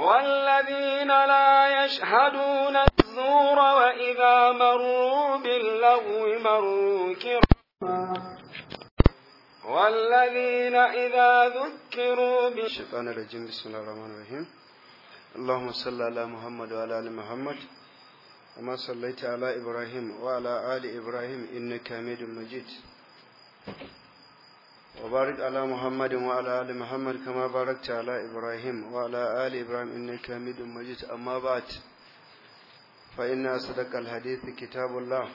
والذين لا يشهدون الزور وإذا مروا باللغو مروا كراما والذين إذا ذكروا بالشيطان الرجيم بسم الله الرحمن الرحيم اللهم صل على محمد وعلى آل محمد كما صليت على إبراهيم وعلى آل إبراهيم إنك حميد مجيد وبارك على محمد وعلى آل محمد كما باركت على إبراهيم وعلى آل إبراهيم إنك حميد مجيد أما بعد فإن أصدق الحديث كتاب الله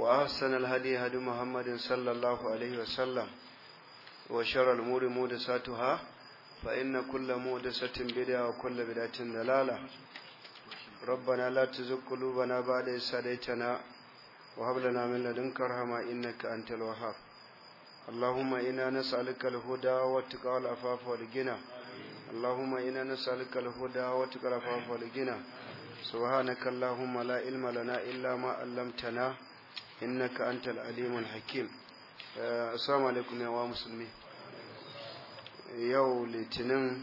وأحسن الهدي هدي محمد صلى الله عليه وسلم وشر الأمور محدثاتها فإن كل محدثة بدعة وكل بدعة ضلالة ربنا لا تزغ قلوبنا بعد إذ هديتنا وهب لنا من لدنك رحمة إنك أنت الوهاب اللهم إنا نسألك الهدى والتقى والعفاف والغنى اللهم إنا نسألك الهدى والتقى والعفاف والغنى سبحانك اللهم لا علم لنا إلا ما علمتنا إنك أنت العليم الحكيم السلام عليكم يا مسلمين yau litinin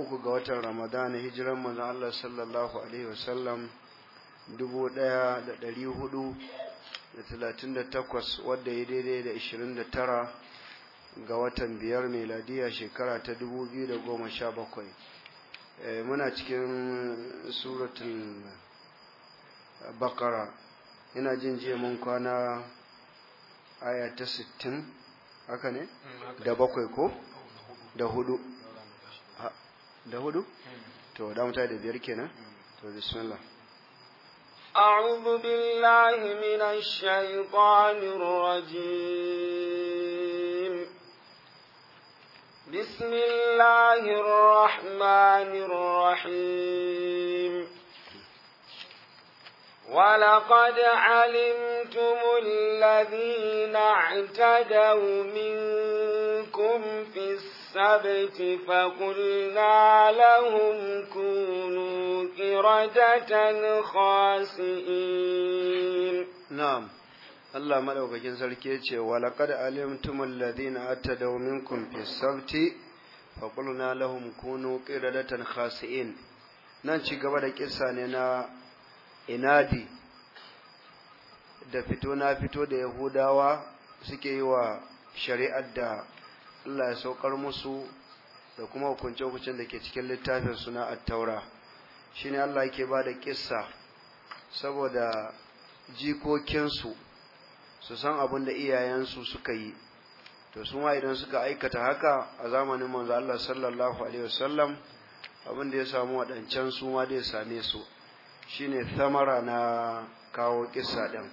uku ga watan ramadana hijiran manzon Allah sallallahu alaihi wasallam dubu ɗaya da ɗari hudu da talatin da takwas wadda ya daidai da ishirin da tara ga watan biyar meladiya shekara ta dubu biyu da goma sha bakwai eh, muna cikin suratun bakara ina jin jiya mun kwana aya ta sittin haka ne mm, da bakwai ko da hudu da hudu mm. to da da biyar kenan mm. to bismillah أعوذ بالله من الشيطان الرجيم بسم الله الرحمن الرحيم ولقد علمتم الذين اعتدوا منكم في السبت فقلنا لهم كونوا قردة خاسئين نعم Allah maɗaukakin sarki ya ce, Walaƙad alimtumul ladina attadaw minkum fi sabti fa qulna lahum kunu qiradatan khasi'in nan cigaba da kisa ne na inadi da fito na fito da Yahudawa suke yi wa shari'ar da Allah ya saukar musu da kuma hukunce-hukuncen da ke cikin littafin suna at-Taura ne Allah yake ba da kissa saboda jikokinsu su san abin da iyayensu suka yi to su ma idan suka aikata haka a zamanin manzo Allah sallallahu alaihi wasallam abin da ya samu waɗancan su ma da ya same su shine thamara na kawo kissa din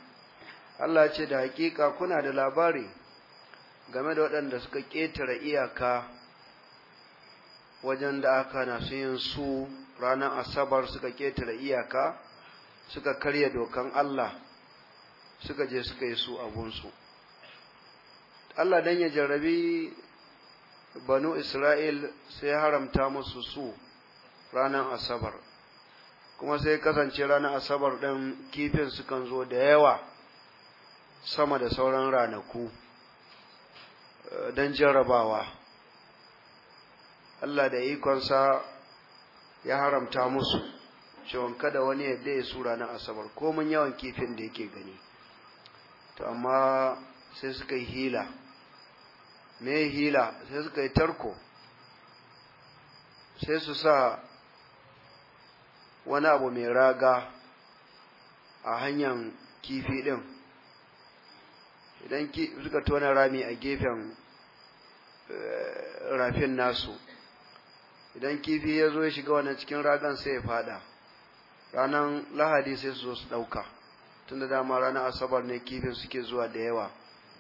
Allah ce da hakika kuna da labari game da waɗanda suka ƙetare iyaka wajen da aka na su yin su ranar asabar suka ƙetare iyaka suka karya dokan Allah suka je suka yi su abunsu Allah dan ya jarabi banu Isra'il sai haramta musu su ranar asabar kuma sai kasance ranar asabar ɗan kifin sukan zo da yawa sama da sauran ranaku eh, don jarrabawa Allah da ikonsa ya haramta musu cewa kada wani yadda ya sura na asabar komin yawan kifin da yake gani to amma sai suka yi hila me hila sai suka yi tarko sai su sa wani abu mai raga a hanyar kifi din idan suka tona rami a gefen eh, rafin nasu idan kifi ya zo ya shiga wannan cikin ragan sai ya fada ranar lahadi sai su zo su ɗauka tun da dama ranar asabar ne kifin suke zuwa da yawa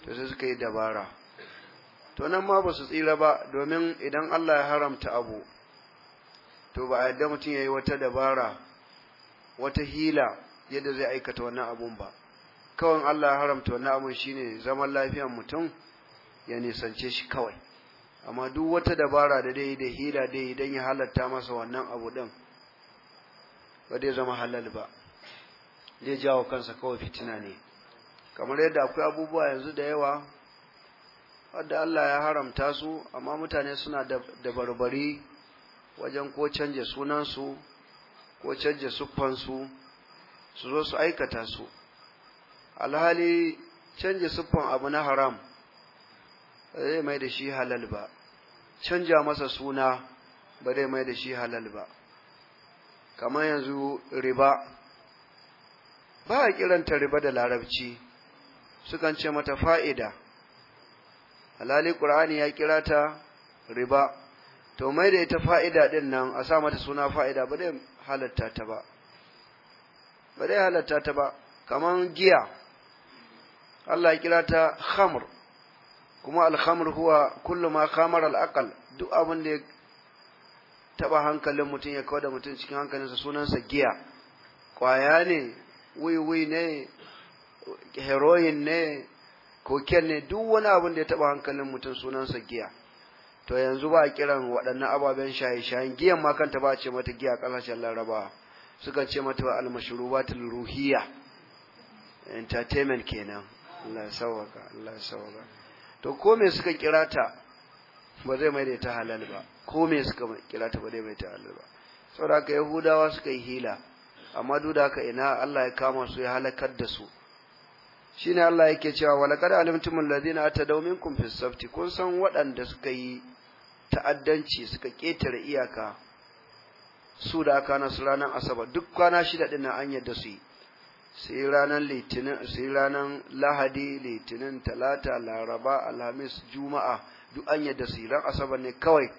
to sai suka yi dabara to nan ma ba su tsira ba domin idan Allah ya haramta abu to ba a yadda mutum ya yi wata dabara wata hila yadda zai aikata wannan abun ba kawai Allah ya haramta wannan abun shine zaman lafiyar mutum ya nisance shi kawai amma duk wata dabara da dai da hila dai idan ya halatta masa wannan abu din ba zai zama halal ba dai jawo kansa kawai fitina ne kamar yadda akwai abubuwa yanzu da yawa wadda Allah ya haramta su amma mutane suna da barbari wajen ko canje sunansu ko canje siffansu su zo su aikata su alhali canje siffan abu na haram zai mai da shi halal ba canja masa suna ba zai mai da shi halal ba kamar yanzu riba ba a kiranta riba da larabci sukan ce mata fa'ida halali ƙur'ani ya kira ta riba to mai da ita fa'ida ɗin nan a sa mata suna fa'ida ba zai halatta ta ba ba zai halatta ta ba kamar giya Allah ya kira ta khamr kuma alhamr huwa kullum ma khamara al duk abin da ya taba hankalin mutum ya kawo da mutum cikin hankalinsa sunansa giya kwaya ne wiwi ne heroin ne koken ne duk wani abin da ya taba hankalin mutum sunansa giya to yanzu ba a kiran waɗannan ababen shaye-shayen giyan ma kanta ba a ce mata giya ƙasashen larabawa suka ce mata al-mashrubatul ruhiyya entertainment kenan Allah ya sawaka Allah ya to ko me suka kira ta ba zai mai da ta halal ba ko me suka kira ta ba zai mai ta halal ba saboda ka yahudawa suka yi hila amma duk da haka ina Allah ya kama su ya halakar da su shine Allah yake cewa walaqad alimtum alladhina atadaw minkum fis safti kun san waɗanda suka yi ta'addanci suka ketare iyaka su da aka suranan ranar asabar duk kwana shida ɗin an yadda su yi sai ranar litinin sai ranar lahadi litinin talata laraba alhamis juma'a duk an yadda su ran asabar ne kawai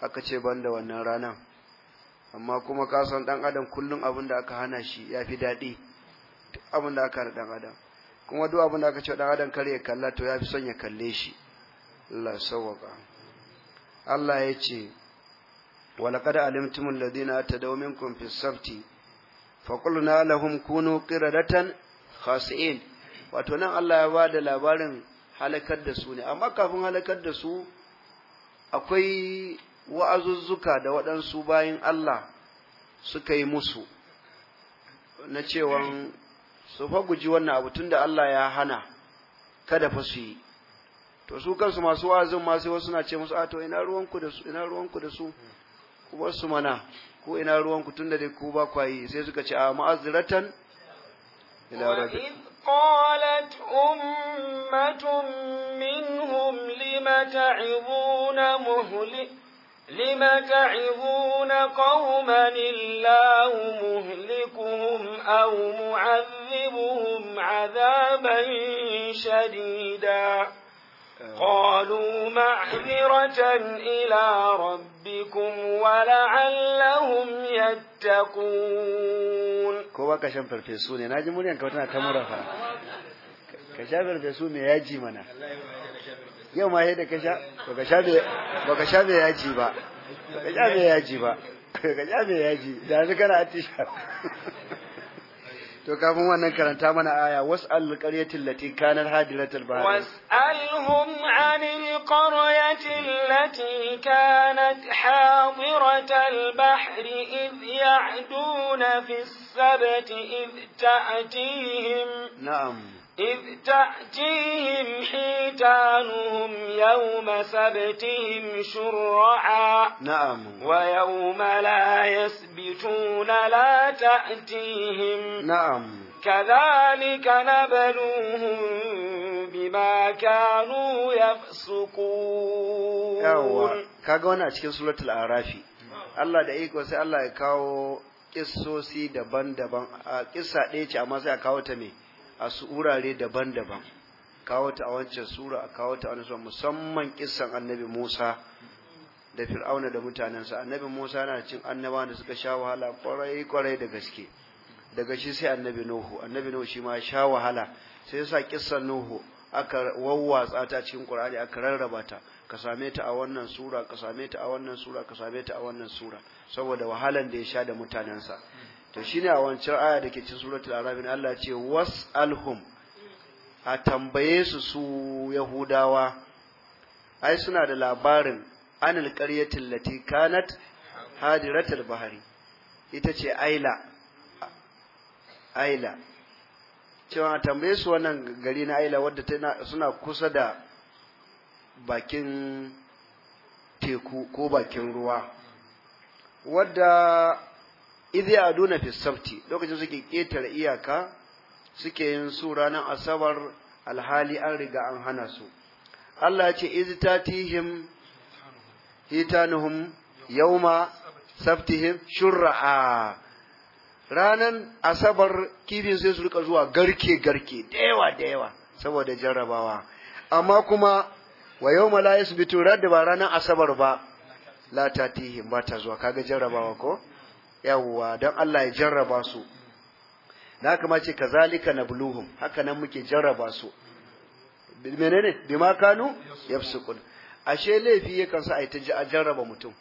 aka ce ban da wannan ranar amma kuma ka san dan adam kullum abin da aka hana shi ya fi daɗi duk abin da aka dan adam kuma duk abin da aka ce dan adam kare ya kalla to ya fi son ya kalle shi Allah sawwaka Allah ya ce walaqad alimtumul ladina أتدوا منكم في sabti. faƙulna lahum kunu qiradatan khasi'in wato nan Allah ya bada labarin halakar da su ne amma kafin halakar da su akwai wa'azuzzuka da waɗansu bayan Allah suka yi musu na cewa su fa guji wannan abu tunda Allah ya hana kada fa su yi to su kansu masu wa'azin ma sai wasu na ce musu a to ina ruwanku da su ina ruwanku da su ku su mana ko ina ruwan ku tunda dai ku ba kwayi sai suka ce a ma'azratan ila rabbi قالت أمة منهم لم تعظون مهلك لم تعظون قوما الله مهلكهم أو معذبهم عذابا شديدا قالوا معذرة إلى ربهم ربكم ولعلهم يتقون كوا كشان farfesu ne naji muryan ka tana ta murafa ka sha farfesu me yaji mana yau ma yadda ka sha baka sha baka sha me yaji ba baka sha me yaji ba baka sha me yaji da kana atisha to kafin wannan karanta mana aya was'al qaryatil lati kanat hadiratal bahr was'alhum 'anil qaryatil lati kanat hadiratal bahri id ya'duna fis sabti id ta'tihim na'am إذ تأتيهم حيتانهم يوم سبتهم شرعا نعم ويوم لا يسبتون لا تأتيهم نعم كذلك نبلوهم بما كانوا يفسقون يوا kaga wannan a cikin suratul arafi Allah da iko sai Allah ya kawo kissosi daban-daban a ɗaya ce amma sai a kawo ta me a su wurare daban-daban kawo ta a wancan sura a kawo ta a wani musamman kissan annabi Musa da Fir'auna da mutanensa annabi Musa yana cin annaba da suka sha wahala kwarai kwarai da gaske daga shi sai annabi Nuhu annabi Nuhu shi ma sha wahala sai sa kissan Nuhu aka wawwatsa ta cikin Qur'ani aka rarraba ta ka same ta a wannan sura ka same ta a wannan sura ka same ta a wannan sura saboda wahalan da ya sha da mutanensa to shine a wancan aya da ke cikin suratul arab ne Allah ce wasalhum a tambaye su su yahudawa ai suna da labarin anil qaryatil lati kanat hadiratul bahari ita ce aila aila cewa a tambaye su wannan gari na aila wadda suna kusa da bakin teku ko bakin ruwa wadda idh aduna fi sabti lokacin suke ketare iyaka suke yin su ranar asabar alhali an riga an hana su Allah ya ce idh tatihim hitanuhum yawma sabtihim shurra'a ranan asabar kifin sai su rika zuwa garke garke da yawa saboda jarrabawa amma kuma wa yawma la yasbitu radda ba ranan asabar ba la tatihim ba ta zuwa kaga jarrabawa ko yawwa dan Allah ya jarraba su Na kuma ce kazalika nabluhum haka nan muke jarraba su menene bima kanu yafsukun ashe laifi yakan sa ai ta jarraba mutum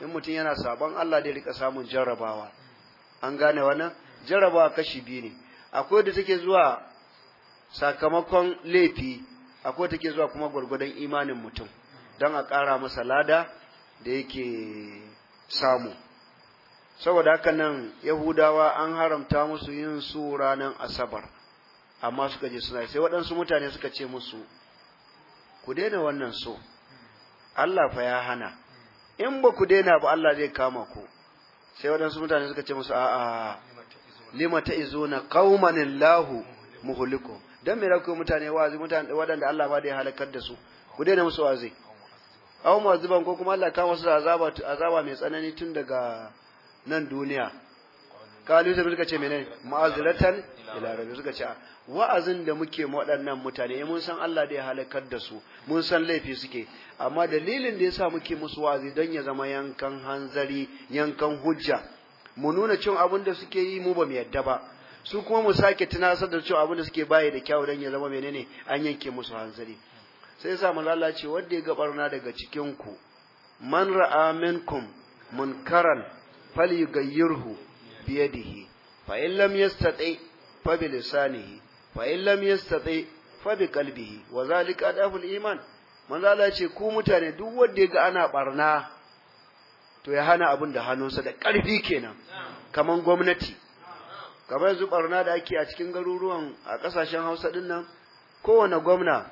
in mutum yana sabon Allah da rika samun jarrabawa an gane wannan jarrabawa kashi biyu ne akwai da take zuwa sakamakon laifi akwai take zuwa kuma gwargwadon imanin mutum don a ƙara masa lada da yake samu saboda haka nan yahudawa an haramta musu yin su ranar asabar amma suka je suna sai waɗansu mutane suka ce musu ku daina wannan so Allah fa ya hana in ba ku daina ba Allah zai kama ku sai waɗansu mutane suka ce musu a'a lima ta izo na kaumanin lahu muhulikum don me ku mutane wazi mutane waɗanda Allah ba da ya halakar da su ku daina musu wazi aw mu'aziban ko kuma Allah kama su da azaba azaba mai tsanani tun daga nan duniya kalu sai suka ce menene ma'azratan ila rabbi suka ce wa'azin da muke ma waɗannan mutane eh, mun san Allah da ya halakar da su mun san laifi suke amma dalilin da yasa muke musu wa'azi don ya zama yankan hanzari yankan hujja mu nuna cin abin da suke yi mu ba mu yadda ba su kuma mu sake tunasar da cewa abin da suke baye da kyau don ya zama menene an yanke musu hanzari sai yasa mu lalace wanda ya gabarna daga cikin ku man ra'a minkum munkaran Fali bi yadihi fa in lam yastati fa bi lisanihi fa in lam yastati fa bi qalbihi wa zalika daful iman man Allah ce ku mutane duk wanda ga ana barna to ya hana abin da hannunsa da ƙarfi kenan kaman gwamnati kamar yanzu barna da ake a cikin garuruwan a ƙasashen Hausa din nan kowane gwamna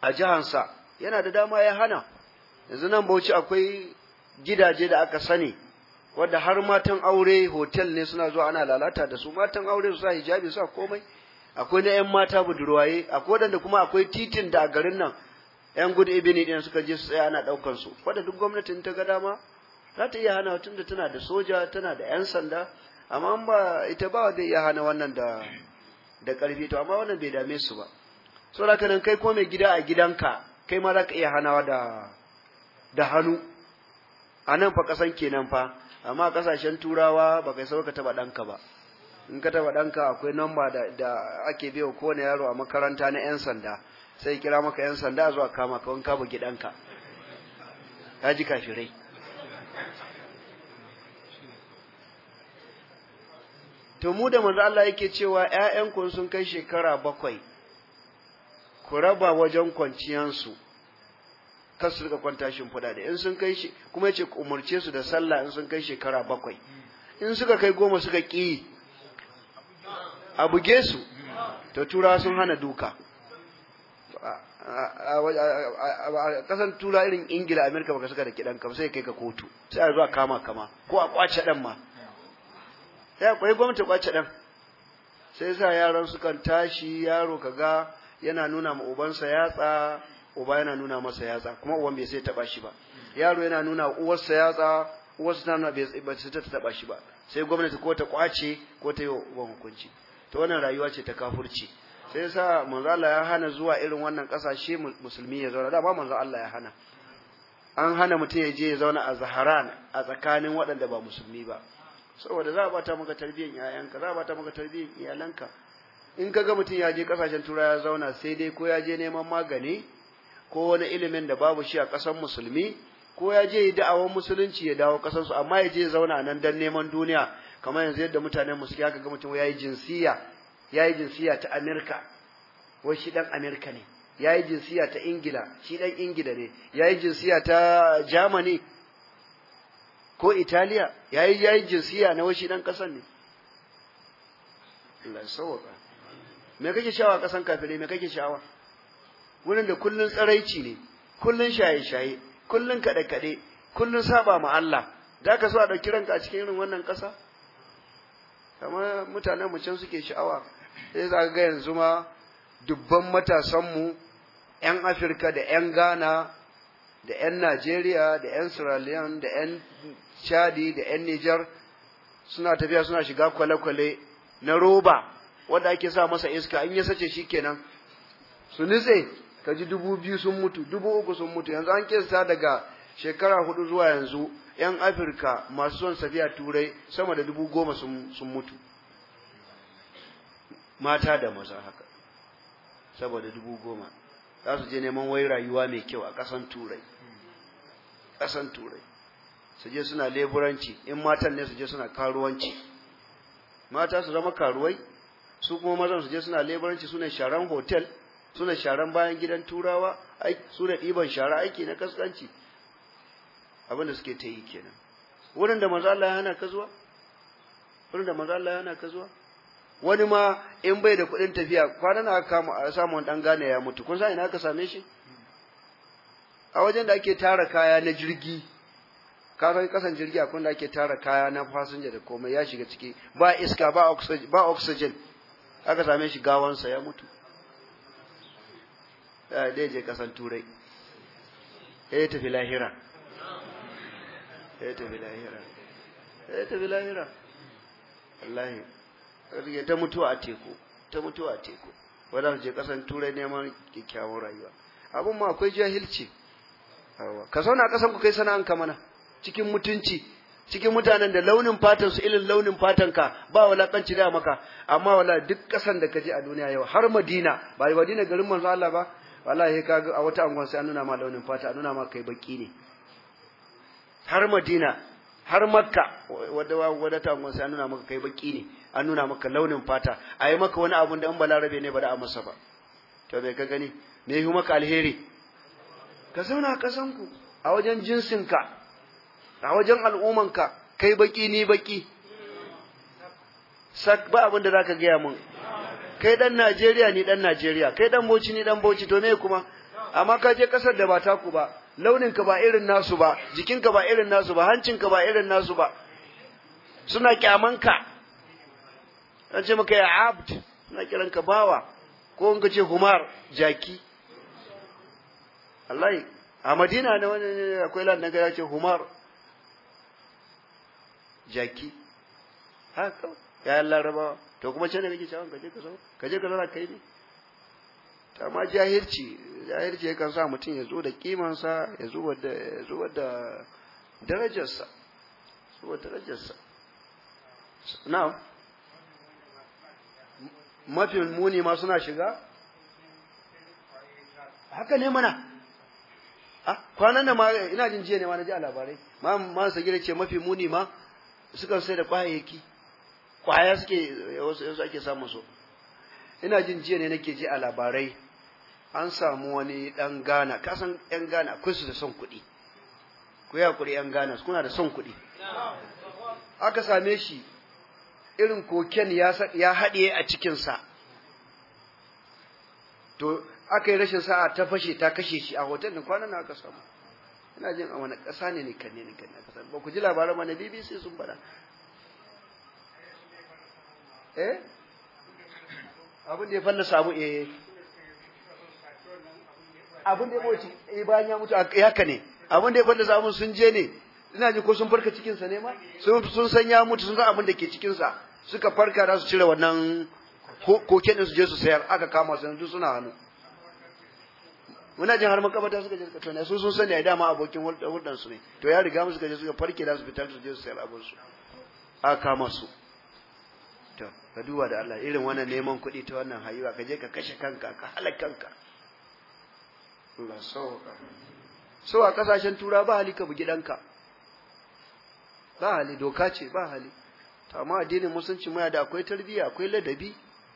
a jihansa yana da dama ya hana yanzu nan Bauchi akwai gidaje da aka sani wadda har matan aure hotel ne suna zuwa ana lalata da su matan aure su sa hijabi su komai akwai na yan mata budurwaye akwai wadanda kuma akwai titin da a garin nan yan gudu ibini din suka je su tsaya ana daukan su wadda duk gwamnatin ta ga dama za ta iya hana tunda tana da soja tana da yan sanda amma an ba ita ba zai iya hana wannan da da karfi to amma wannan bai dame su ba saboda nan kai ko mai gida a gidanka kai ma za ka iya hanawa da da hannu a nan fa kasan kenan fa amma kasashen turawa ba kai sauka taba danka ba in ka taba danka akwai namba da, ake biyo ko kowane yaro a makaranta na yan sanda sai kira maka yan sanda zuwa kama ka wanka bugi danka ka ji kafirai to mu da manzo Allah yake cewa ku sun kai shekara bakwai ku raba wajen kwanciyansu kar su rika kwanta fada da in sun kai shi kuma yace umurce su da sallah in sun kai shekara bakwai in suka kai goma suka ƙi a buge su to tura sun hana duka a kasan tura irin ingila amerika baka suka da kiɗan kam sai kai ka kotu sai a zuwa kama kama ko a kwace ɗan ma Sai akwai gwamnati kwace ɗan sai sa yaran sukan tashi yaro kaga yana nuna ma ubansa yatsa uba yana nuna masa yatsa kuma uwan bai sai taba shi ba yaro yana nuna uwarsa yatsa uwarsa ta nuna bai sai ta taba shi ba sai gwamnati ko ta kwace ko ta yi wa hukunci to wannan rayuwa ce ta kafurci sai yasa manzo Allah ya hana zuwa irin wannan kasashe musulmi ya zauna da ba manzo Allah ya hana an hana mutum ya je ya zauna a Zaharan a tsakanin waɗanda ba musulmi ba saboda za a bata maka tarbiyyar yayanka za a bata maka tarbiyyar iyalanka in kaga mutum ya je kasashen tura ya zauna sai dai ko ya je neman magani ko wani ilimin da babu shi a ƙasar musulmi ko ya je da'awar musulunci ya dawo ƙasarsu amma ya je ya zauna nan don neman duniya kamar yanzu yadda mutanen musulmi aka ga mutum ya yi jinsiya yayi jinsiya ta Amerika wai shi ɗan Amerika ne ya yi jinsiya ta Ingila shi ɗan Ingila ne ya yi jinsiya ta Germany ko Italiya ya yi jinsiya na wai shi ɗan ƙasar ne Allah ya sauwaka me kake shawa ƙasan kafirai me kake sha'awa wurin da kullun tsaraici ne kullun shaye-shaye kullun kaɗe-kaɗe kullun saba ma Allah za ka so a ɗauki ranka a cikin irin wannan ƙasa kamar mutanen mu can suke sha'awa sai za ga yanzu ma dubban matasanmu 'yan Afirka da 'yan Ghana da 'yan Najeriya da 'yan Sierra da 'yan Chadi da 'yan Nijar suna tafiya suna shiga kwale-kwale na roba wanda ake sa masa iska in ya sace shi kenan su nitse ka ji dubu biyu sun mutu dubu uku sun mutu yanzu an kesa daga shekara hudu zuwa yanzu yan afirka masu son safiya turai sama da dubu goma sun mutu mata da maza haka saboda dubu goma za su je neman wai rayuwa mai kyau a ƙasan turai ƙasan turai su je suna leburanci in matan ne su je suna karuwanci mata su zama karuwai su kuma mazan su je suna leburanci su ne sharan hotel suna sharan bayan gidan turawa suna ɗiban shara aiki na kaskanci abinda suke ta yi kenan wurin da manzo Allah ya hana ka zuwa wurin da manzo Allah hana ka zuwa wani ma in bai da kuɗin tafiya kwanan na aka samu dan gane ya mutu kun san ina aka same shi a wajen da ake tara kaya na jirgi ka san kasan jirgi akwai da ake tara kaya na fasinja da komai ya shiga ciki ba iska ba oxygen ba oxygen aka same shi gawansa ya mutu dai eh, je kasan turai ya tafi lahira ya tafi lahira ya tafi lahira wallahi ya ta mutuwa a teku ta mutuwa a teku wadda su je kasan turai neman kyakkyawar rayuwa abin ma akwai jahilci ka a kasan ku kai sana'an ka mana cikin mutunci cikin mutanen da launin fatan su irin launin fatan ka ba walakanci da maka amma wala duk kasan da kaje a duniya yau har Madina ba Madina garin manzo Allah ba wallahi kaga a wata angon sai an nuna ma launin fata an nuna ma kai baki ne har Madina har Makka wadda wadda ta angon sai an nuna maka kai baki ne an nuna maka launin fata ayi maka wani abun da an balarabe ne ba da amsa ba to bai ka gani me yi maka alheri ka zauna kasan ku a wajen jinsin ka a wajen al'umman ka kai baki ni baki sak ba abinda da zaka gaya mun kai dan Najeriya ni dan Najeriya kai dan Bauchi ni dan Bauchi to me kuma amma ka je kasar da ba taku ba launin ka ba irin nasu ba jikin ka ba irin nasu ba ka ba irin nasu ba suna kyamanka an ce maka ya abd suna ka bawa ko in ce humar jaki Allahi a Madina ne wani akwai lan ga ya ce humar jaki kawai yayan larabawa to kuma ce ne kake cewa kaje ka zauna kaje ka zauna kai ne amma jahilci jahilci yakan sa mutum ya zo da kimansa ya zo da ya zo da darajarsa na darajarsa now mafi muni ma suna shiga haka ne mana kwanan da ma ina jin jiya ne ma na ji a labarai ma ma sagira ce mafi muni ma sukan sai da kwayayyaki kwaya suke yau yanzu ake samu su ina jin jiya ne nake ji a labarai an samu wani dan gana ka san yan gana akwai su da son kuɗi ku ya kuri yan gana kuna da son kuɗi aka same shi irin koken ya haɗe a cikinsa, to aka yi rashin sa'a ta fashe ta kashe shi a hotel din kwanan aka samu ina jin a wani ƙasa ne ne kan ne kan ba ku ji labarai ma na BBC sun bada eh abin da ya fallasa abu eh abin da ya eh bayan ya mutu eh, haka ne abin da ya fallasa abun sun je ne ina ji ko sun farka cikinsa ne ma sun sun san ya mutu sun san abin da ke cikinsa suka farka da su cire wannan koke ɗin su je su sayar aka kama su yanzu suna hannu muna jin har makabata suka je suka tona sun sun sani a dama abokin hulɗar ne to ya riga musu suka suka farke da su fitar su je su sayar abin su aka kama su to ka duba da Allah irin wannan neman kuɗi ta wannan hayuwa ka je ka kashe kanka ka halaka kanka Allah sauka so a kasashen tura ba hali ka bugi ɗanka. ba hali doka ce ba hali to amma addinin musulunci mai da akwai tarbiyya akwai ladabi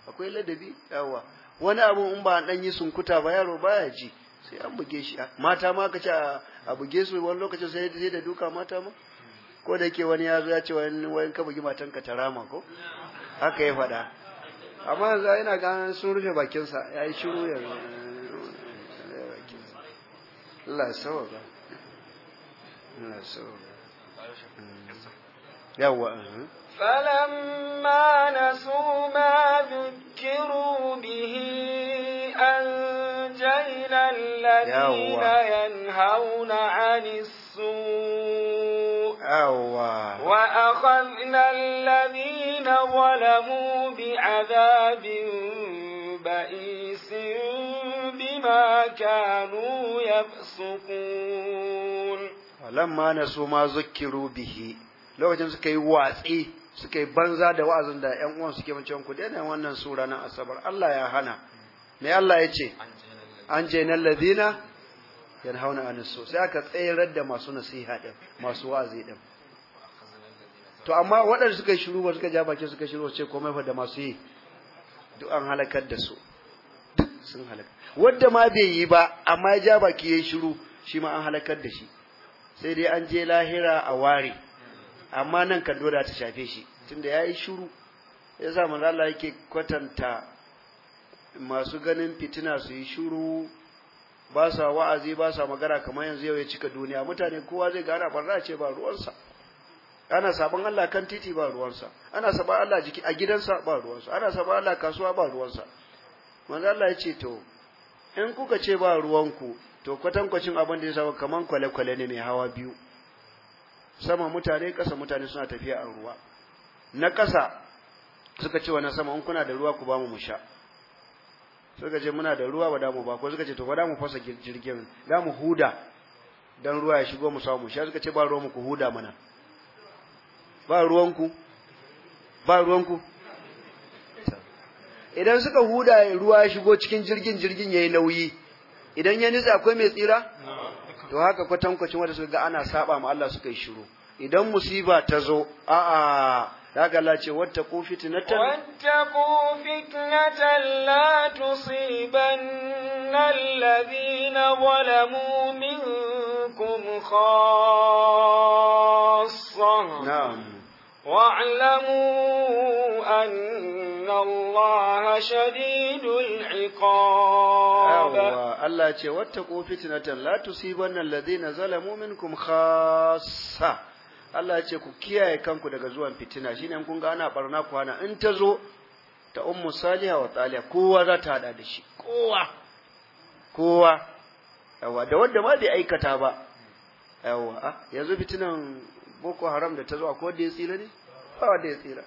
akwai ladabi yawa wani abu in ba ɗan yi sunkuta ba yaro baya ji sai an buge shi mata ma ce a buge su wani lokacin sai sai da duka mata ma ko da yake wani ya zo ya ce wani wani ka bugi matanka ta rama ko haka ya faɗa amma yanzu yana ganin sun rufe bakinsa ya yi shiru ya sawa ba فلما نسوا ما ذكروا به أنجينا الذين ينهون عن السوء yawwa wa akhadna alladhina zalamu bi'adabin ba'isin bima kanu yafsukun lamma nasu ma zukkiru bihi lokacin suka yi watsi suka yi banza da wa'azin da ƴan uwan suke mace ku daina wannan sura na asabar Allah ya hana me Allah ya ce an je nan ladina yanhauna anis so sai aka tsayar da masu nasiha din masu wa'azi din to amma waɗanda suka yi shiru ba suka ja baki suka shiru ce komai fa da masu yi duk an halakar da su duk sun halakar. Wadda ma bai yi ba amma ya ja baki ya shiru shi ma an halakar da shi sai dai an je lahira a ware amma nan kan dole ta shafe shi tunda yi shiru yasa manzo Allah yake kwatanta masu ganin fitina su yi shiru ba sa wa'azi ba sa magana kamar yanzu yau ya cika duniya mutane kowa zai gana barna ce ba ruwansa ana sabon Allah kan titi ba ruwansa ana sabon Allah jiki a gidansa ba ruwansa ana sabon Allah kasuwa ba ruwansa manzo Allah ya ce to in kuka ce ba ruwanku to kwacin abin da ya sabo kaman kwale-kwale ne mai hawa biyu sama mutane ƙasa mutane suna tafiya a ruwa na ƙasa suka ce wannan sama in kuna da ruwa ku ba mu mu sha suka ce muna da ruwa ba da mu ba ko suka ce to ba da mu fasa jirgin da mu huda dan ruwa ya shigo mu samu sha suka ce ba ruwa mu ku huda mana ba ruwanku ba ruwanku idan suka huda ruwa ya shigo cikin jirgin jirgin yayi nauyi idan ya nitsa akwai mai tsira to haka kwacin wanda suka ga ana saba ma Allah suka yi shiru idan musiba ta zo a'a daga Allah ce wata ku fitnatan wata ku fitnatan la tusiban alladhina zalamu minkum khassan na'am واعلموا أن الله شديد العقاب الله يقول واتقوا فتنة لا تصيبن الذين ظلموا منكم خاصة Allah ya ce ku kiyaye kanku daga zuwan fitina shine kun ga ana barna ku ana in ta zo ta ummu saliha wa taliya kowa za ta hada da shi kowa kowa yawa da wanda ma bai aikata ba yawa yanzu fitinan boko haram da ta zo ko da ya tsira ne ba wanda ya tsira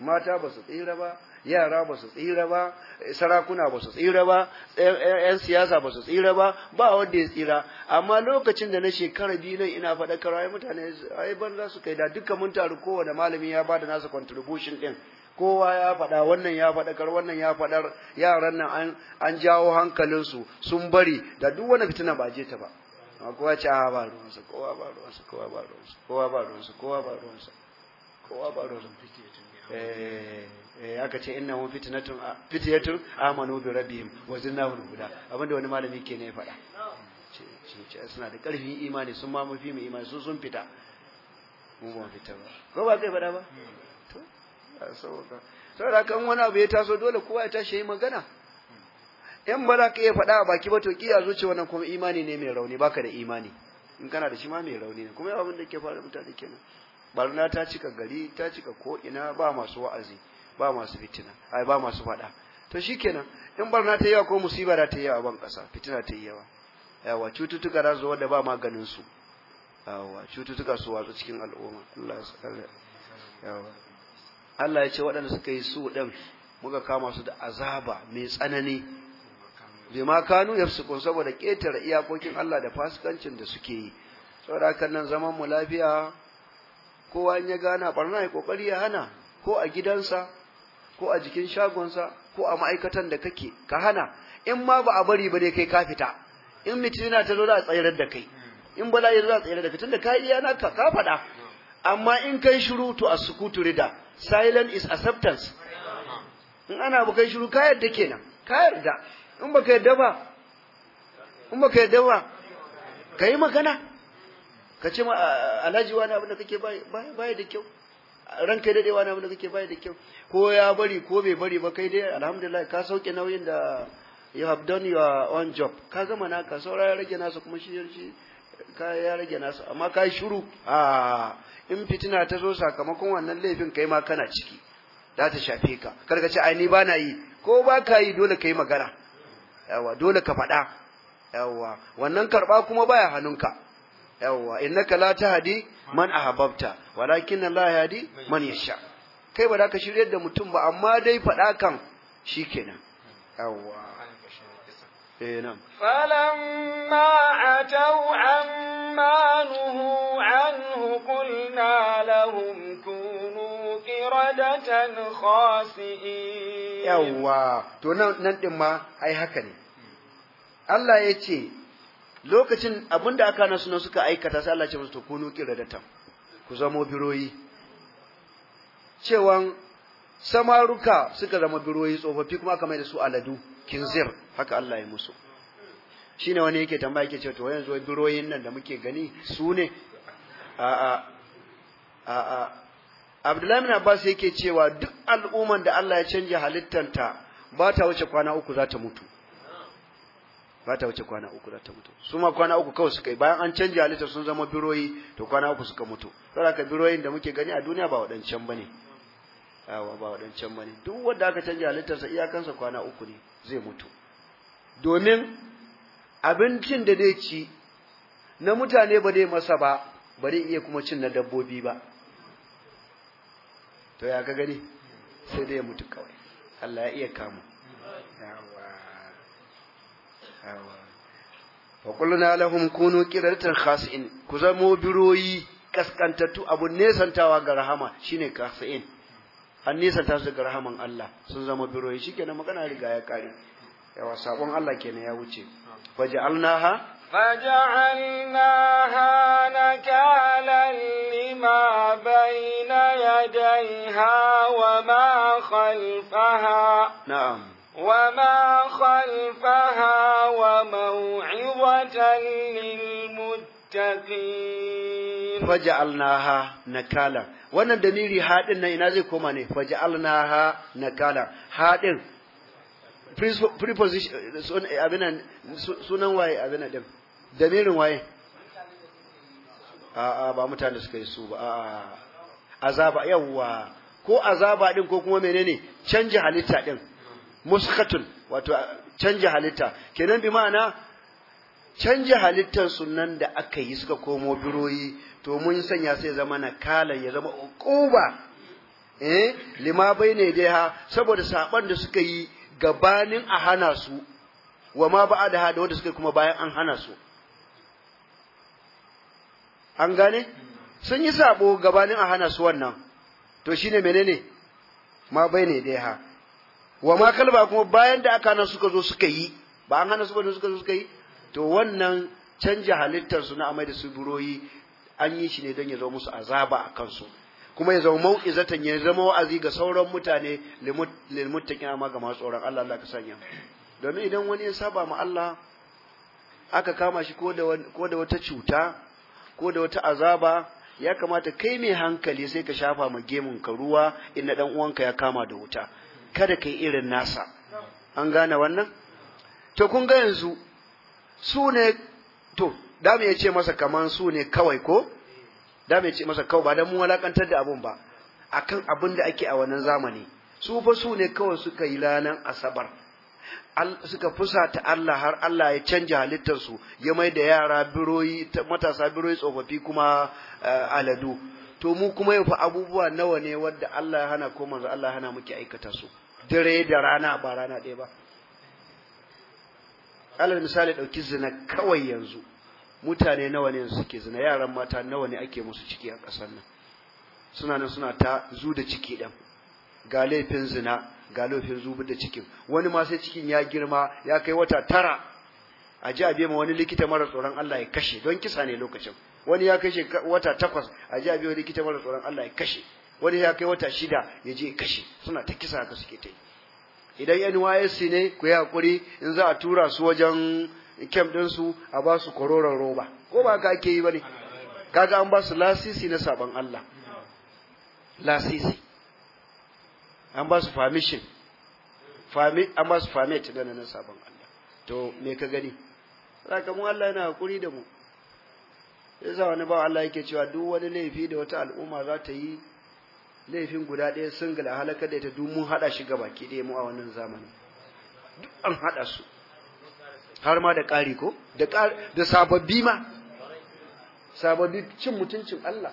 mata ba su tsira ba yara ba su tsira ba sarakuna ba su tsira ba yan siyasa ba su tsira ba ba wanda ya tsira amma lokacin da na shekara biyu nan ina faɗa karawa mutane ai za su kai da dukkan mun taru kowane malami ya bada nasa contribution din kowa ya faɗa wannan ya faɗakar wannan ya faɗar yaran nan an jawo hankalinsu sun bari da duk wani fitina ba je ta ba amma kowa ce a ba ruwansa kowa ba ruwansa kowa ba ruwansa kowa ba ruwansa kowa ba ruwansa kowa ba ruwansa eh eh aka ce inna hum fitnatun fityatun amanu bi rabbihim wa zinnahum guda abinda wani malami ke ne faɗa suna da ƙarfin imani sun ma mafi mu imani sun sun fita mu ba fita ba ko ba zai faɗa ba hmm. to saboda saboda kan wani abu ya taso dole kowa ya tashi magana in ba za ka iya faɗa a baki ba to kiya zuci wannan kuma imani ne mai rauni baka da imani in kana da shi ma mai rauni ne kuma abin da ke faru da mutane kenan barna ta cika gari ta cika ko ina ba masu wa'azi ba masu fitina ai ba masu faɗa to shikenan in barna ta yawa ko musiba da ta yawa ban kasa fitina ta yawa yawa cututtuka da zuwa da ba maganin su yawa cututtuka su watsu cikin al'umma Allah ya saka yawa Allah ya ce waɗanda suka yi su ɗin muka kama su da azaba mai tsanani bima kanu yafsukun saboda ƙetare iyakokin Allah da fasikancin da suke yi saboda kan nan zaman mu lafiya kowa in ya gana barna ya kokari ya hana ko a gidansa ko a jikin shagonsa ko a ma'aikatan da kake ka hana in ma ba a bari ba dai kai ka fita in mitina ta zo a tsayar da kai in bala ya a tsayar da kai tunda ka iya na ka faɗa amma in kai shiru to a sukutu rida silence is acceptance in ana kai shiru ka yarda kenan ka yarda in baka yarda ba in baka yarda ba ka yi magana ka ce ma alhaji wani abin da kake baya da kyau ranka daɗe wani abin da kake baya da kyau ko ya bari ko bai bari ba kai dai alhamdulillah ka sauke nauyin da you have done your own job ka gama naka saura ya rage nasa kuma shi shi ka ya rage nasa amma ka yi shiru a in fitina ta zo sakamakon wannan laifin kai ma kana ciki za ta shafe ka karka ce ai ni ba na yi ko ba ka yi dole ka yi magana yawa dole ka faɗa yawa wannan karɓa kuma baya hannunka yawa innaka la tahdi man ahbabta walakin la yahdi man yasha kai ba da ka shiryar da mutum ba amma dai faɗa kan shikenan yawa فلما عتوا عما نهوا عنه قلنا لهم كونوا قردة خاسئين to nan nan دين ma ai haka ne Allah ya ce lokacin abinda aka nasu suna suka aikata sai Allah ya ce musu to kunu qiradatan ku zamo biroyi cewan samaruka suka zama biroyi tsofaffi kuma aka mai da su aladu kinzir haka Allah ya musu shine wani yake tambaya yake cewa to yanzu biroyin nan da muke gani su ne a a, Abdullahi bin Abbas yake cewa duk al'umman da Allah ya canja halittanta ba ta wuce kwana uku za ta mutu ba ta wuce kwana uku za ta mutu su ma kwana uku kawai suka yi bayan an canja halitta sun zama biroyi to kwana uku suka mutu saboda ka biroyin da muke gani a duniya ba wadancan bane awa ba wadancan bane duk wanda aka canja halittarsa iyakansa kwana uku ne zai mutu domin abincin da zai ci na mutane ba zai masa ba ba iya kuma cin na dabbobi ba to ya ga gani sai dai ya mutu kawai Allah ya iya kamu fa qulna lahum kunu qiradatan khasin ku zamo biroyi kaskantattu abun nesantawa ga rahama shine khasin an nesanta su ga rahaman Allah sun zama biroyi shikenan magana riga ya kare yawa sabon Allah kenan ya wuce faja'alnaha فجعلناها lima لما yadaiha wa ma khalfaha na'am وما خلفها وموعظة للمتقين فجعلناها نكالا وانا دميري haɗin نينازي كوماني فجعلناها نكالا ne faj'alnaha nakala preposition abin sunan waye abin din damirin waye a a ba mutane suka yi su ba a a azaba yawwa ko azaba din ko kuma menene canji halitta din muskatun wato canja halitta kenan bi ma'ana canja halittar sunan da aka yi suka komo biroyi to mun sanya sai zama nakalan ya zama uquba eh lima ne dai ha saboda saban da suka yi gabanin a hana su wa ma ba'a da da wanda suka kuma bayan an hana su an gane sun yi sabo gabanin a hana su wannan to shine menene ma bai ne dai ha wa ma kalba kuma bayan da aka nan suka zo suka yi ba an hana su ba suka zo suka yi to wannan canja halittar su na amai da buroyi an yi shi ne don ya zo musu azaba a kansu kuma ya zama mau'izatan ya zama wa'azi ga sauran mutane lil muttaqin amma ga masu tsoron Allah Allah ka sanya domin idan wani ya saba ma Allah aka kama shi ko da wata cuta ko da wata azaba ya kamata kai mai hankali sai ka shafa ma gemun ka ruwa inda dan uwanka ya kama da wuta kada ka yi irin nasa an gane wannan to kun ga yanzu su ne to da mu ce masa kaman su ne kawai ko da mu ce masa kawai ba dan mu walakantar da abun ba akan abin da ake a wannan zamani su fa su ne kawai suka yi lanan asabar suka fusata Allah har Allah ya canja halittarsu ya mai da yara biroyi matasa biroyi tsofaffi kuma eh, aladu to mu kuma yafi abubuwa nawa ne wadda Allah ya hana ko manzo Allah ya hana muke aikata su dare da rana ba rana ɗaya ba alal misali ɗauki zina kawai yanzu mutane nawa ne suke zina yaran mata nawa ne ake musu ciki a ƙasar nan suna nan suna ta zu da ciki ɗan ga laifin zina ga laifin zubar da cikin wani ma sai cikin ya girma ya kai wata tara a ji a ma wani likita mara tsoron Allah ya kashe don kisa ne lokacin wani ya kashe wata takwas a ji a likita mara tsoron Allah ya kashe wani ya kai wata shida ya je kashe suna ta kisa haka suke ta yi idan NYSC ne ku yi hakuri in za a tura su wajen kem din su a ba su kororon roba ko ba ka ake yi ba ne kaga an ba su lasisi na saban Allah lasisi an ba su permission an ba su permit da na saban Allah to me ka gani saka mu Allah yana hakuri da mu yasa wani ba Allah yake cewa duk wani laifi da wata al'umma za ta yi laifin guda ɗaya sun singila halakar da ita mun haɗa shi gaba ki ɗaya mu a wannan zamani duk an haɗa su har ma da ƙari ko da sababbi ma sababbi cin mutuncin Allah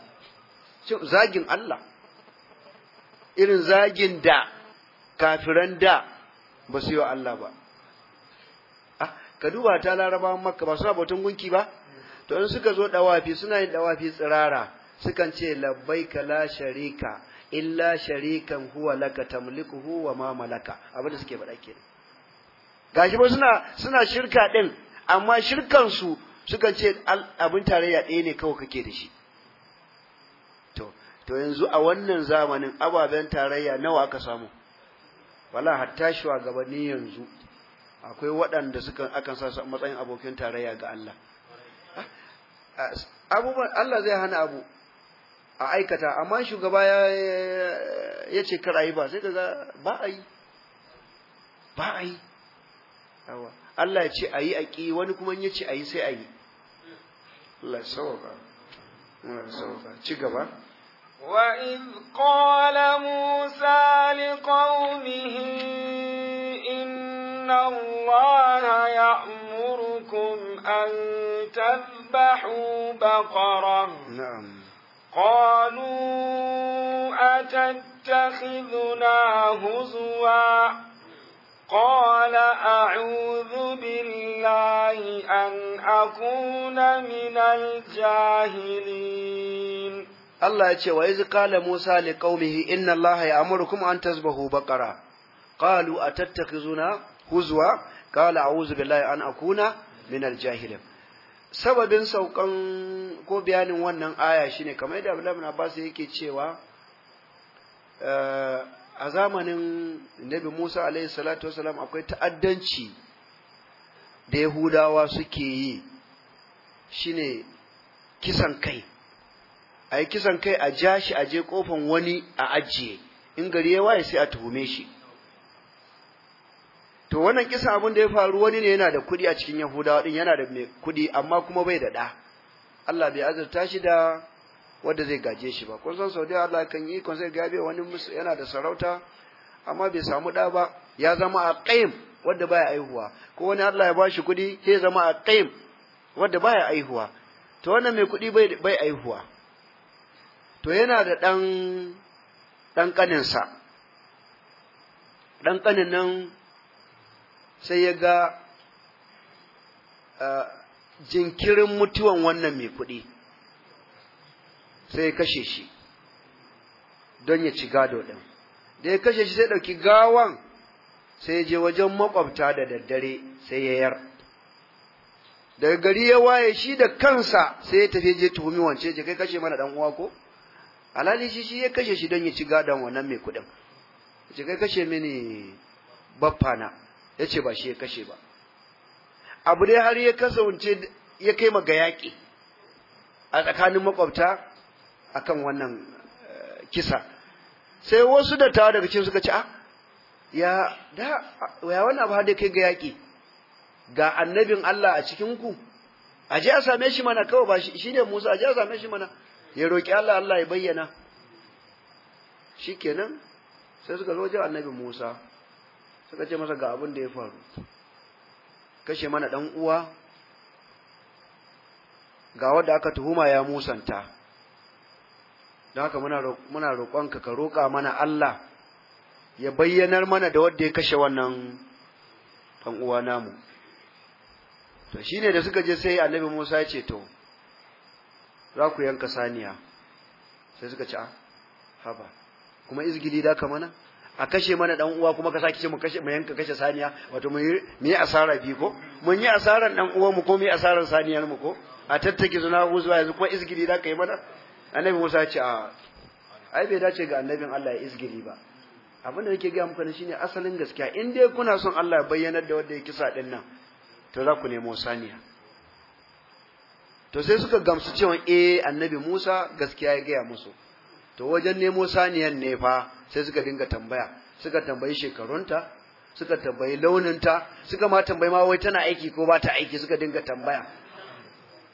cin zagin Allah irin zagin da kafiran da ba su yi wa Allah ba ah, ka duba ta laraba makka ba suna bautan gunki ba to in suka zo dawafi suna yin dawafi tsirara sukan ce labbaika la sharika illa sharikan huwa laka tamlikuhu wa ma malaka abin suke faɗa kenan gashi ba suna suna shirka din amma shirkan su suka ce abin tarayya ɗaya ne kawai kake da shi to to yanzu a wannan zamanin ababen tarayya nawa aka samu wala hatta shugabanni yanzu akwai waɗanda suka akan sa matsayin abokin tarayya ga Allah ah, abubuwan Allah zai hana abu a aikata amma shugaba ya ce kar a yi ba sai kaga ba a yi ba a yi Allah ya ce a yi a ƙi wani kuma ya ce a yi sai a yi Allah ya sauka Allah ya ba ci gaba وإذ قال موسى لقومه إن الله يأمركم an تذبحوا بقرة na'am قالوا أتتخذنا هزوا قال أعوذ بالله أن أكون من الجاهلين Allah ya ce wa iz qala Musa li qaumihi inna Allaha ya'murukum an tasbahu baqara qalu atattakhizuna huzwa qala a'udhu billahi an akuna min al-jahilin sababin saukan ko bayanin wannan aya shine kamar yadda Abdullahi ibn Abbas yake cewa eh, a zamanin Nabi Musa alaihi salatu wasalam akwai ta'addanci da Yahudawa suke yi shine kisan kai a yi kisan kai a ja shi a je kofan wani a ajiye in gari ya waye sai a tuhume shi to wannan kisa abin da ya faru wani ne yana da kuɗi a cikin Yahudawa din yana da mai kuɗi amma kuma bai da ɗa Allah bai azurta shi da wanda zai gaje shi ba kun san Saudi Allah kan yi kun sai gabe wani yana da sarauta amma bai samu ɗa ba ya zama a qaim wanda baya aihuwa ko wani Allah ya bashi kuɗi sai ya zama a qaim wanda baya aihuwa to wannan mai kuɗi bai bai aihuwa to yana da ɗan ɗan ƙaninsa ɗan ƙanin nan sai ya ga ah, jinkirin mutuwan wannan mai kuɗi sai ya kashe shi don ya ci gado ɗin da ya kashe shi sai ɗauki gawan sai ya je wajen makwabta da daddare sai ya yar daga gari ya waye shi da kansa sai ya tafi je tuhumi wance je kai kashe mana dan uwa ko alhali shi shi ya kashe shi don ya ci gadon wannan mai kuɗin je kai kashe mini baffana yace ba shi ya kashe ba abu dai har ya kasance ya kai ma ga yaƙi a tsakanin makwabta akan wannan eh, kisa sai wasu da tawa daga cikin suka ce a ah, ya da ya wannan abu har kai ga yaƙi ga annabin Allah a cikin ku a je a same shi mana kawai ba shi ne Musa a je a same shi mana ya roƙi Allah Allah ya bayyana shikenan sai suka zo wajen annabin Musa suka ce masa ga abin da ya faru kashe mana dan uwa ga wanda aka tuhuma ya musanta don haka muna roƙonka ka roƙa mana Allah ya bayyanar mana da wanda ya kashe wannan dan uwa namu to shine da suka je sai annabi Musa ya ce to za ku yanka saniya sai suka ce ah, haba kuma izgili da ka mana a kashe mana dan uwa kuma ka sake ce mu kashe mu yanka kashe saniya wato mu yi asara bi ko mun yi asaran dan uwa mu ko mu yi asaran saniyar mu ko a tattake zuna zuwa yanzu kuma izgiri da kai mana annabi Musa ya ce a ai bai dace ga annabin Allah ya izgiri ba abin da yake ga muku ne shine asalin gaskiya in dai kuna son Allah ya bayyanar da wanda ya kisa din nan to za ku nemo saniya to sai suka gamsu cewa eh annabi Musa gaskiya ya gaya musu to wajen nemo saniyan ne fa sai suka dinga tambaya suka tambayi shekarunta suka tambayi launinta suka ma tambayi ma wai tana aiki ko ba ta aiki suka dinga tambaya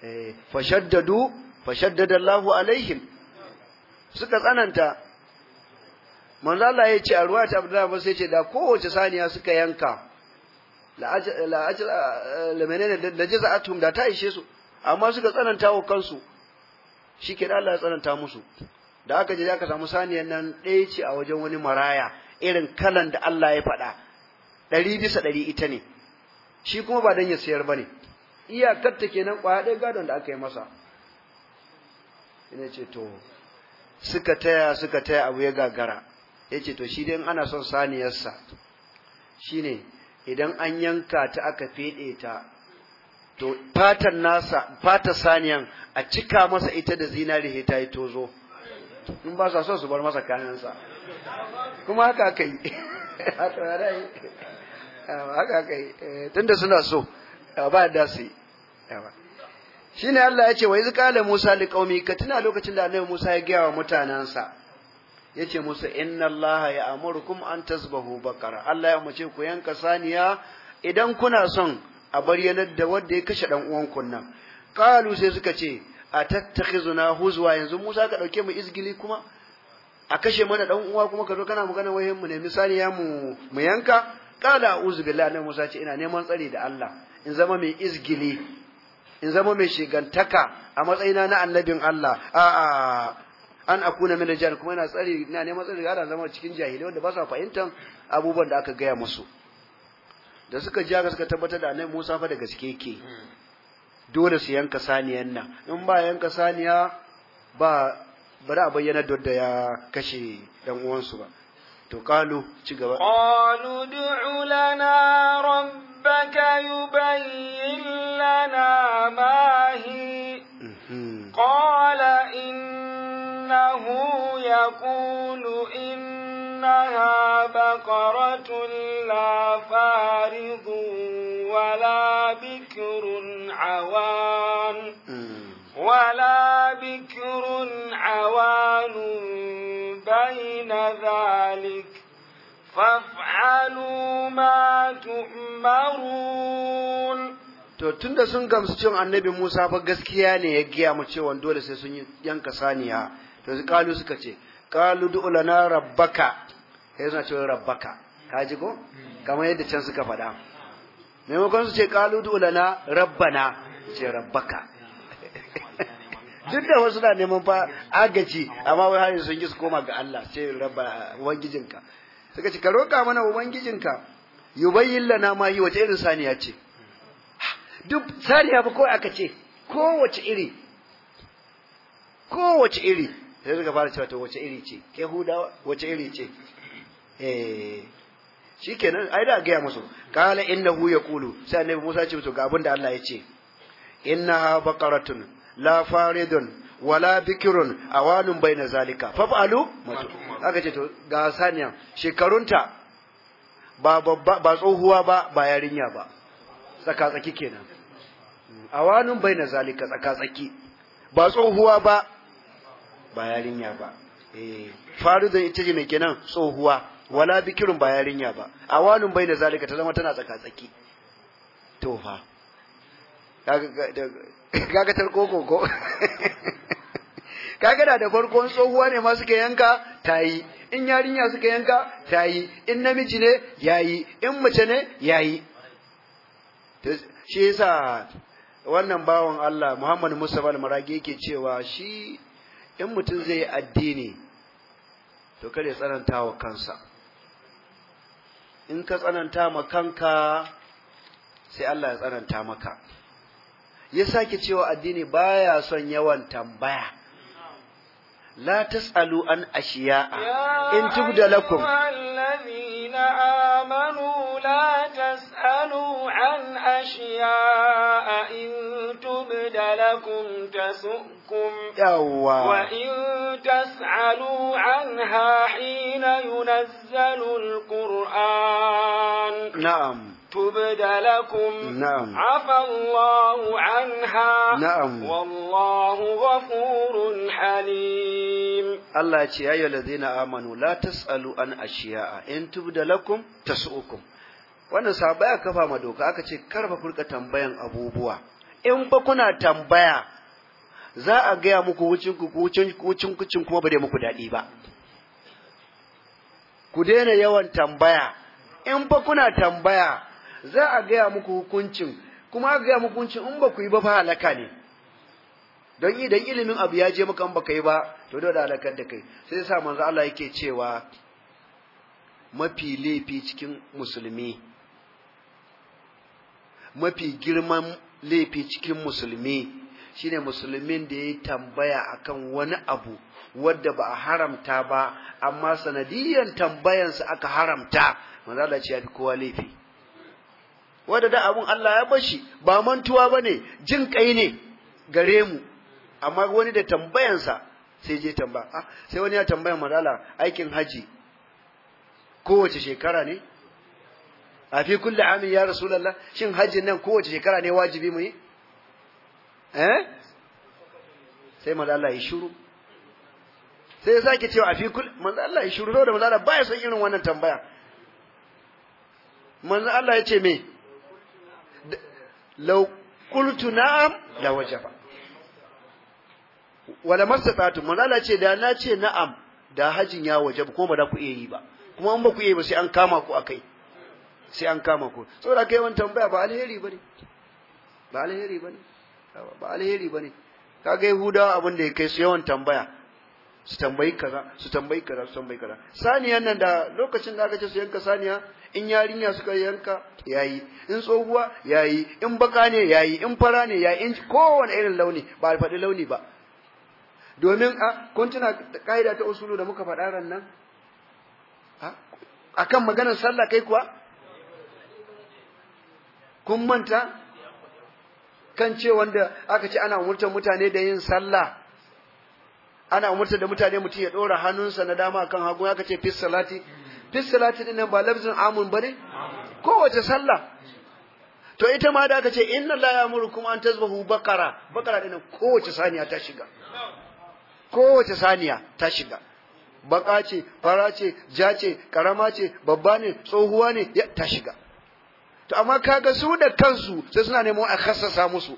eh fashaddadu fashaddada Allahu alaihim suka tsananta manzo Allah ya ce a ruwa ta Abdullahi ba sai ce da kowace saniya suka yanka la la la menene da jaza'atum da ta ishe su amma suka tsananta wa kansu shi ke da Allah ya tsananta musu da aka je aka samu saniyan nan ɗaya ce a wajen wani maraya irin kalan da Allah ya faɗa ɗari bisa ɗari ita ne shi kuma ba don ya sayar ba ne iyakar ta kenan ƙwaya ɗaya gadon da aka yi masa ina ce to suka taya suka taya abu ya gagara ya ce to shi dai ana son saniyarsa Shi ne idan an yanka ta aka feɗe ta to fatan nasa fata saniyan a cika masa ita da zinari ta yi tozo in ba sa so su bar masa kayansa kuma haka aka yi haka aka eh, tunda suna so ba da su shi ne Allah ya ce wa izkala Musa liqaumi ka tuna lokacin da Annabi Musa ya gaya wa mutanansa yace musa inna Allah ya amurukum an tasbahu bakara Allah ya umarce ku yanka saniya idan kuna son a baryanar da wanda ya kashe dan uwan kunnan qalu sai suka ce a tattakhizuna huzwa yanzu Musa ka dauke mu izgili kuma a kashe mana dan uwa kuma ka zo kana magana wayen mu ne misali ya mu mu yanka qala uzu billahi na Musa ce ina neman tsari da Allah in zama mai izgili in zama mai shigantaka a matsayina na annabin Allah a a an akuna min jahil kuma ina tsari ina neman tsari ga zama cikin jahilai wanda ba sa fahimtar abubuwan da aka gaya musu da suka ji suka tabbatar da annabi Musa fa da gaske yake dole su yanka saniyan nan in ba yanka saniya ba bari a bayyana da ya kashe dan uwansu ba to kalu ci gaba qalu du'u lana rabbaka yubayyin lana ma hi mhm. qala innahu yaqulu innaha baqaratun la faridun ولا بكر عوان ولا بكر عوان بين ذلك فافعلوا ما تؤمرون to tunda sun gamsu cewa annabi Musa fa gaskiya ne ya giya mu cewa dole sai sun yanka saniya to kalu suka ce kalu du lana rabbaka sai suna cewa rabbaka ka ji ko hmm. kamar yadda can suka faɗa maimakon su ce kaludu lana rabbana ce rabbaka duk da wasu na neman fa agaji amma wai hanyar sun ki su koma ga Allah ce rabba ubangijinka suka ce ka mana mana ubangijinka yubayyin lana ma yi wace irin saniya ce duk saniya ba kawai aka ce kowace iri kowace iri sai suka fara cewa to wace iri ce ke huda wace iri ce eh shikenan ai da gaya musu qala innahu yaqulu sai annabi Musa ce musu ga abinda Allah ya ce innaha baqaratun la faridun wala bikrun awalun baina zalika faf'alu aka ce to ga saniya shekarunta ba babba ba tsohuwa ba ba yarinya ba tsaka tsaki kenan awalun baina zalika tsaka tsaki ba tsohuwa ba ba yarinya ba eh faridun ita ce me kenan tsohuwa wala bikirun ba yarinya ba a awanun bai da zalika ta zama tana tsaka tsaki to fa kaga tar koko kaga da da farkon tsohuwa ne ma suka yanka tayi in yarinya suka yanka tayi in namiji ne yayi in mace ne yayi shi yasa wannan bawan Allah Muhammad Mustafa al-Maragi yake cewa shi in mutum zai addini to kare ya tsanantawa kansa in ka tsananta ma kanka sai Allah ya tsananta maka ya sake cewa addini baya son yawan tambaya la tasalu an ashiya'a in tubda lakum amanu la tasalu an ashiya'a لكم تسؤكم وإن تسألوا عنها حين ينزل القرآن نعم تبد لكم نعم عفى الله عنها نعم والله غفور حليم الله يا أيها الذين آمنوا لا تسألوا عن أشياء إن تبد لكم تسؤكم wannan sabaya kafa ma doka aka ce karfa kurka tambayan abubuwa in ba kuna tambaya za a gaya muku wucin kucin kuma ba dai muku daɗi ba ku daina yawan tambaya in ba kuna tambaya za a gaya muku hukuncin kuma a gaya muku hukuncin in ba ku yi ba halaka ne don idan ilimin abu ya je maka in ba ka yi ba to dole halakar da kai sai sa manzo Allah yake cewa mafi laifi cikin musulmi mafi girman laifi cikin musulmi shine musulmin da yi tambaya akan wani abu wadda ba a haramta ba amma sanadiyan tambayansa aka haramta manzo ya fi kowa laifi wadda da abun Allah ya bashi ba mantuwa ne jin kai ne gare mu amma wani da tambayansa sai je tambaya ah, sai wani ya tambaya manzo aikin haji kowace shekara ne a fi kulli amin ya rasulullah shin hajjin nan kowace shekara ne wajibi mu yi eh sai manzo Allah ya shuru sai zaki cewa a fi kulli manzo Allah ya to da manzo Allah baya son irin wannan tambaya manzo Allah ya ce me law qultu na'am la wajaba wala masatatu manzo Allah ce da na ce na'am da hajin ya wajaba ko ba da ku iya yi ba kuma an ba ku iya yi ba sai an kama ku akai sai an kama ku saboda kai wani tambaya ba alheri bane ba alheri bane ba alheri bane kaga yahudawa abin da ya kai su yawan tambaya su tambayi kaza su tambayi kaza su tambayi kaza saniyan nan da lokacin da aka ce su yanka saniya in yarinya suka yanka yayi in tsohuwa yayi in baka ne yayi in fara ne yayi in kowane irin launi ba alfadi launi ba domin a ah, kun tuna ka'ida ta usulu da muka faɗa ran nan akan ah, maganar sallah kai kuwa kun manta kan ce wanda aka ce ana umurtar mutane da yin sallah ana umurtar da mutane mutum ya dora hannunsa na dama kan hagu aka ce fis salati fis salati din nan ba lafzin amun bane kowace sallah to ita ma da aka ce inna la ya'murukum an tazbahu baqara baqara din kowace saniya ta shiga kowace saniya ta shiga baka ce fara ce ja ce karama ce babba ne tsohuwa ne ta shiga to amma kaga su da kansu sai suna nemo a khassasa musu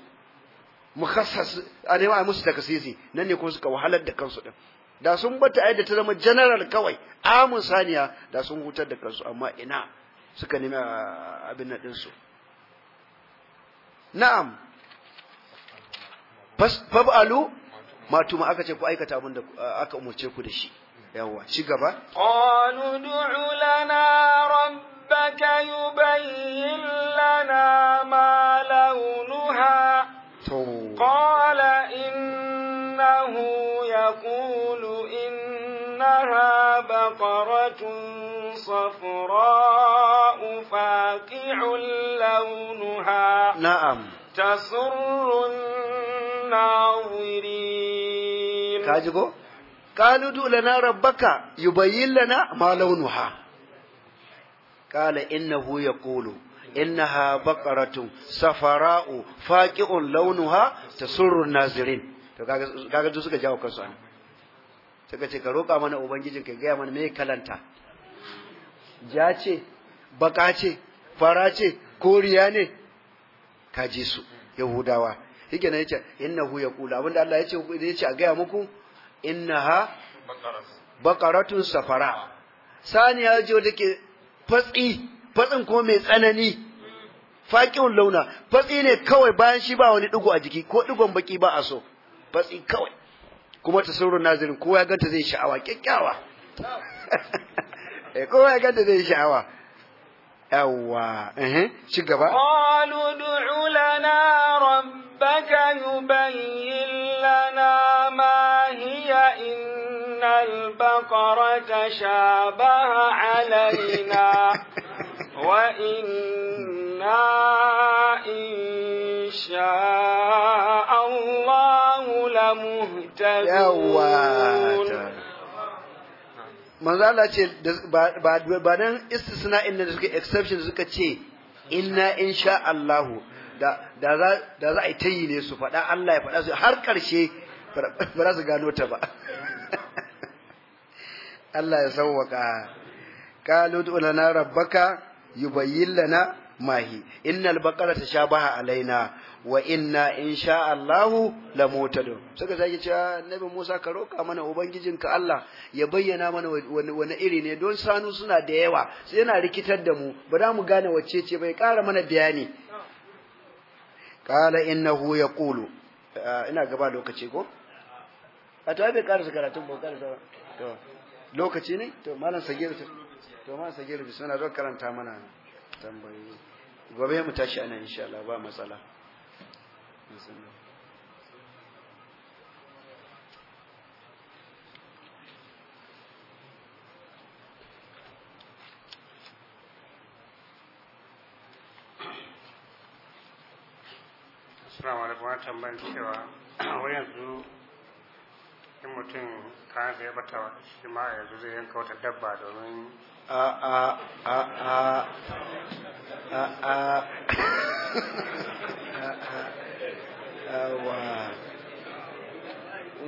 mukhassas a nemo a musu takasisi nan ne kuma suka wahalar da kansu din da sun bata ayyada ta zama general kawai amun saniya da sun hutar da kansu amma ina suka nemi abin nan su na'am fab'alu ma tuma aka ce ku aikata abin da aka umurce ku da shi yawa ci gaba qalu du'u lana rabb ربك يبين لنا ما لونها قال إنه يقول إنها بقرة صفراء فاقع لونها نعم تسر الناظرين كاجبو قالوا دع لنا ربك يبين لنا ما لونها قال إنه يقول إنها بقرة safara'u faqi'un لونها تسر الناظرين to kaga kaga suka jawo kansu an suka ce ka roƙa mana ubangijin ka gaya mana me kalanta ja ce baka ce fara ce koriya ne ka ji su yahudawa yake na yace ya kula abinda Allah ya ce a gaya muku ha bakaratun safara saniya wata ke fatsi fatsin ko mai tsanani faƙin launa fatsi ne kawai bayan shi ba wani digo a jiki ko digon baki ba a so fatsi kawai kuma ta tasawurun nazirin kowa ya ganta zai sha'awa kyakkyawa eh kowa ya ganta zai sha'awa yawwa eh ci gaba qalu du'u lana rabbaka yubayyin lana ma hiya innal baqara tashaba وإنا إن شاء الله manzo Allah ce ba nan istisna inda da suka exception suka ce inna insha Allahu da za da a yi tayi ne su fada, Allah ya fada su har karshe ba za su gano ta ba Allah ya sauwaka qalu lana rabbaka yubayyin lana mahi innal baqara tashabaha alaina wa inna insha Allah lamutadun suka sake cewa annabi Musa ka roka mana ubangijinka Allah ya bayyana mana wani iri ne don sanu suna da yawa sai yana rikitar da mu ba za mu gane wacce ce bai kara mana bayani qala innahu yaqulu ah, ina gaba lokaci ko a ta bai karasa karatun ba karasa to lokaci ne to malam sagir to ma girbi suna zo karanta mana tambayi gobe mu tashi anan insha Allah ba matsala Assalamu alaikum, tambayar cewa wai yanzu in mutum kayan ya bata shi ma yanzu zai yanka wata dabba domin a a a a a a a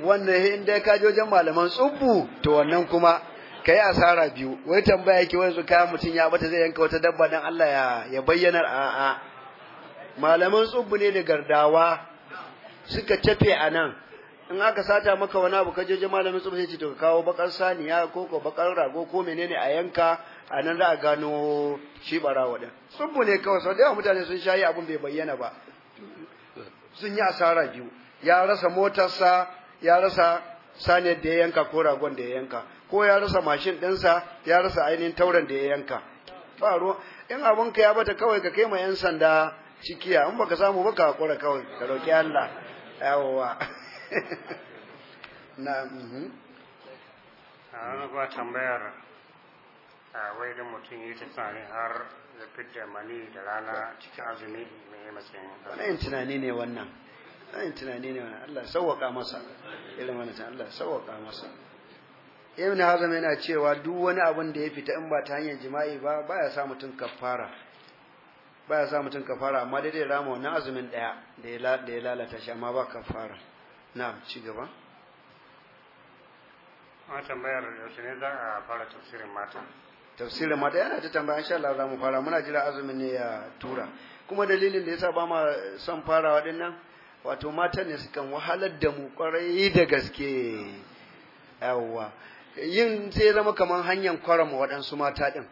wannan in dai ka wajen malaman tsubbu to wannan kuma ka yi asara biyu wai tambaya yake wani kayan mutum ya bata zai yanka wata dabba don Allah ya bayyanar a a malaman tsubbu ne da gardawa suka tafe a nan in aka sata maka wani abu ka je malamin tsubin sai ce to ka kawo bakar saniya ko ko bakar rago ko menene a yanka a nan za a gano shi barawa din ne kawai sau da yawa mutane sun shayi abin bai bayyana ba sun yi asara biyu ya rasa motarsa ya rasa saniyar da ya yanka ko ragon da ya yanka ko ya rasa mashin ɗinsa ya rasa ainihin tauren da ya yanka ba ruwa in abinka ya bata kawai ka kai ma 'yan sanda cikiya in baka samu ba ka hakura kawai ka roƙi Allah yawwa na mhm a ba tambayar a wai da mutum yi tunani har da fidda mani da rana cikin azumi mai matsayin wannan tunani ne wannan wannan tunani ne wannan Allah sauwaka masa irin wannan Allah sauwaka masa ibn hazm yana cewa duk wani abin da ya fita in ba ta hanyar jima'i ba baya sa mutum kafara baya sa mutum kafara amma dai dai rama wannan azumin daya da ya lalata shi amma ba kafara na'am ci gaba a tambayar yaushe ne za a fara tafsirin mata tafsirin mata yana ta tambaya insha Allah za mu fara muna jira azumin ne ya tura kuma dalilin da yasa ba ma son farawa din nan wato matan ne sukan wahalar da mu kwarai da gaske yawwa yin sai zama kaman hanyar kwarama waɗansu mata din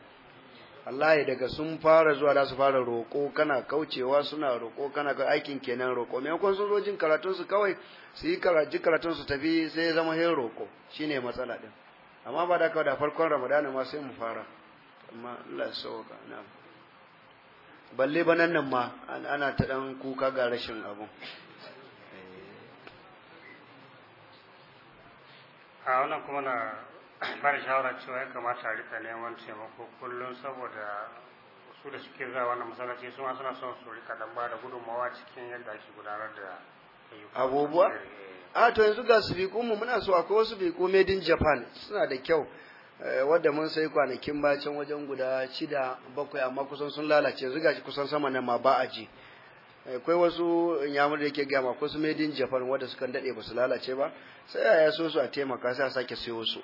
wallahi daga sun fara zuwa da su fara roƙo kana kaucewa suna roƙo kana ga aikin kenan roƙo me sun zo jin karatun su kawai su yi karaji karatun su tafi sai ya zama hin roƙo shine matsala din amma ba da kawai da farkon ramadana ma sai mu fara amma Allah ya sauka na balle banan nan ma ana ta dan kuka ga rashin abu a wannan kuma na da shawara cewa ya kamata a rika neman taimako kullum saboda su da suke zuwa wannan masallaci su ma suna son su rika dan ba da gudunmawa cikin yadda ake gudanar da abubuwa eh, eh. a ah, to yanzu ga su mu muna so akwai wasu biku made in japan suna da kyau eh, wadda mun sai kwanakin bacin wajen guda shida bakwai amma kusan sun lalace yanzu ga kusan sama na ma ba a ji akwai wasu yamur da yake gama ma kusan made in japan wadda sukan dade ba su lalace ba sai a so su a taimaka sai a sake sayo su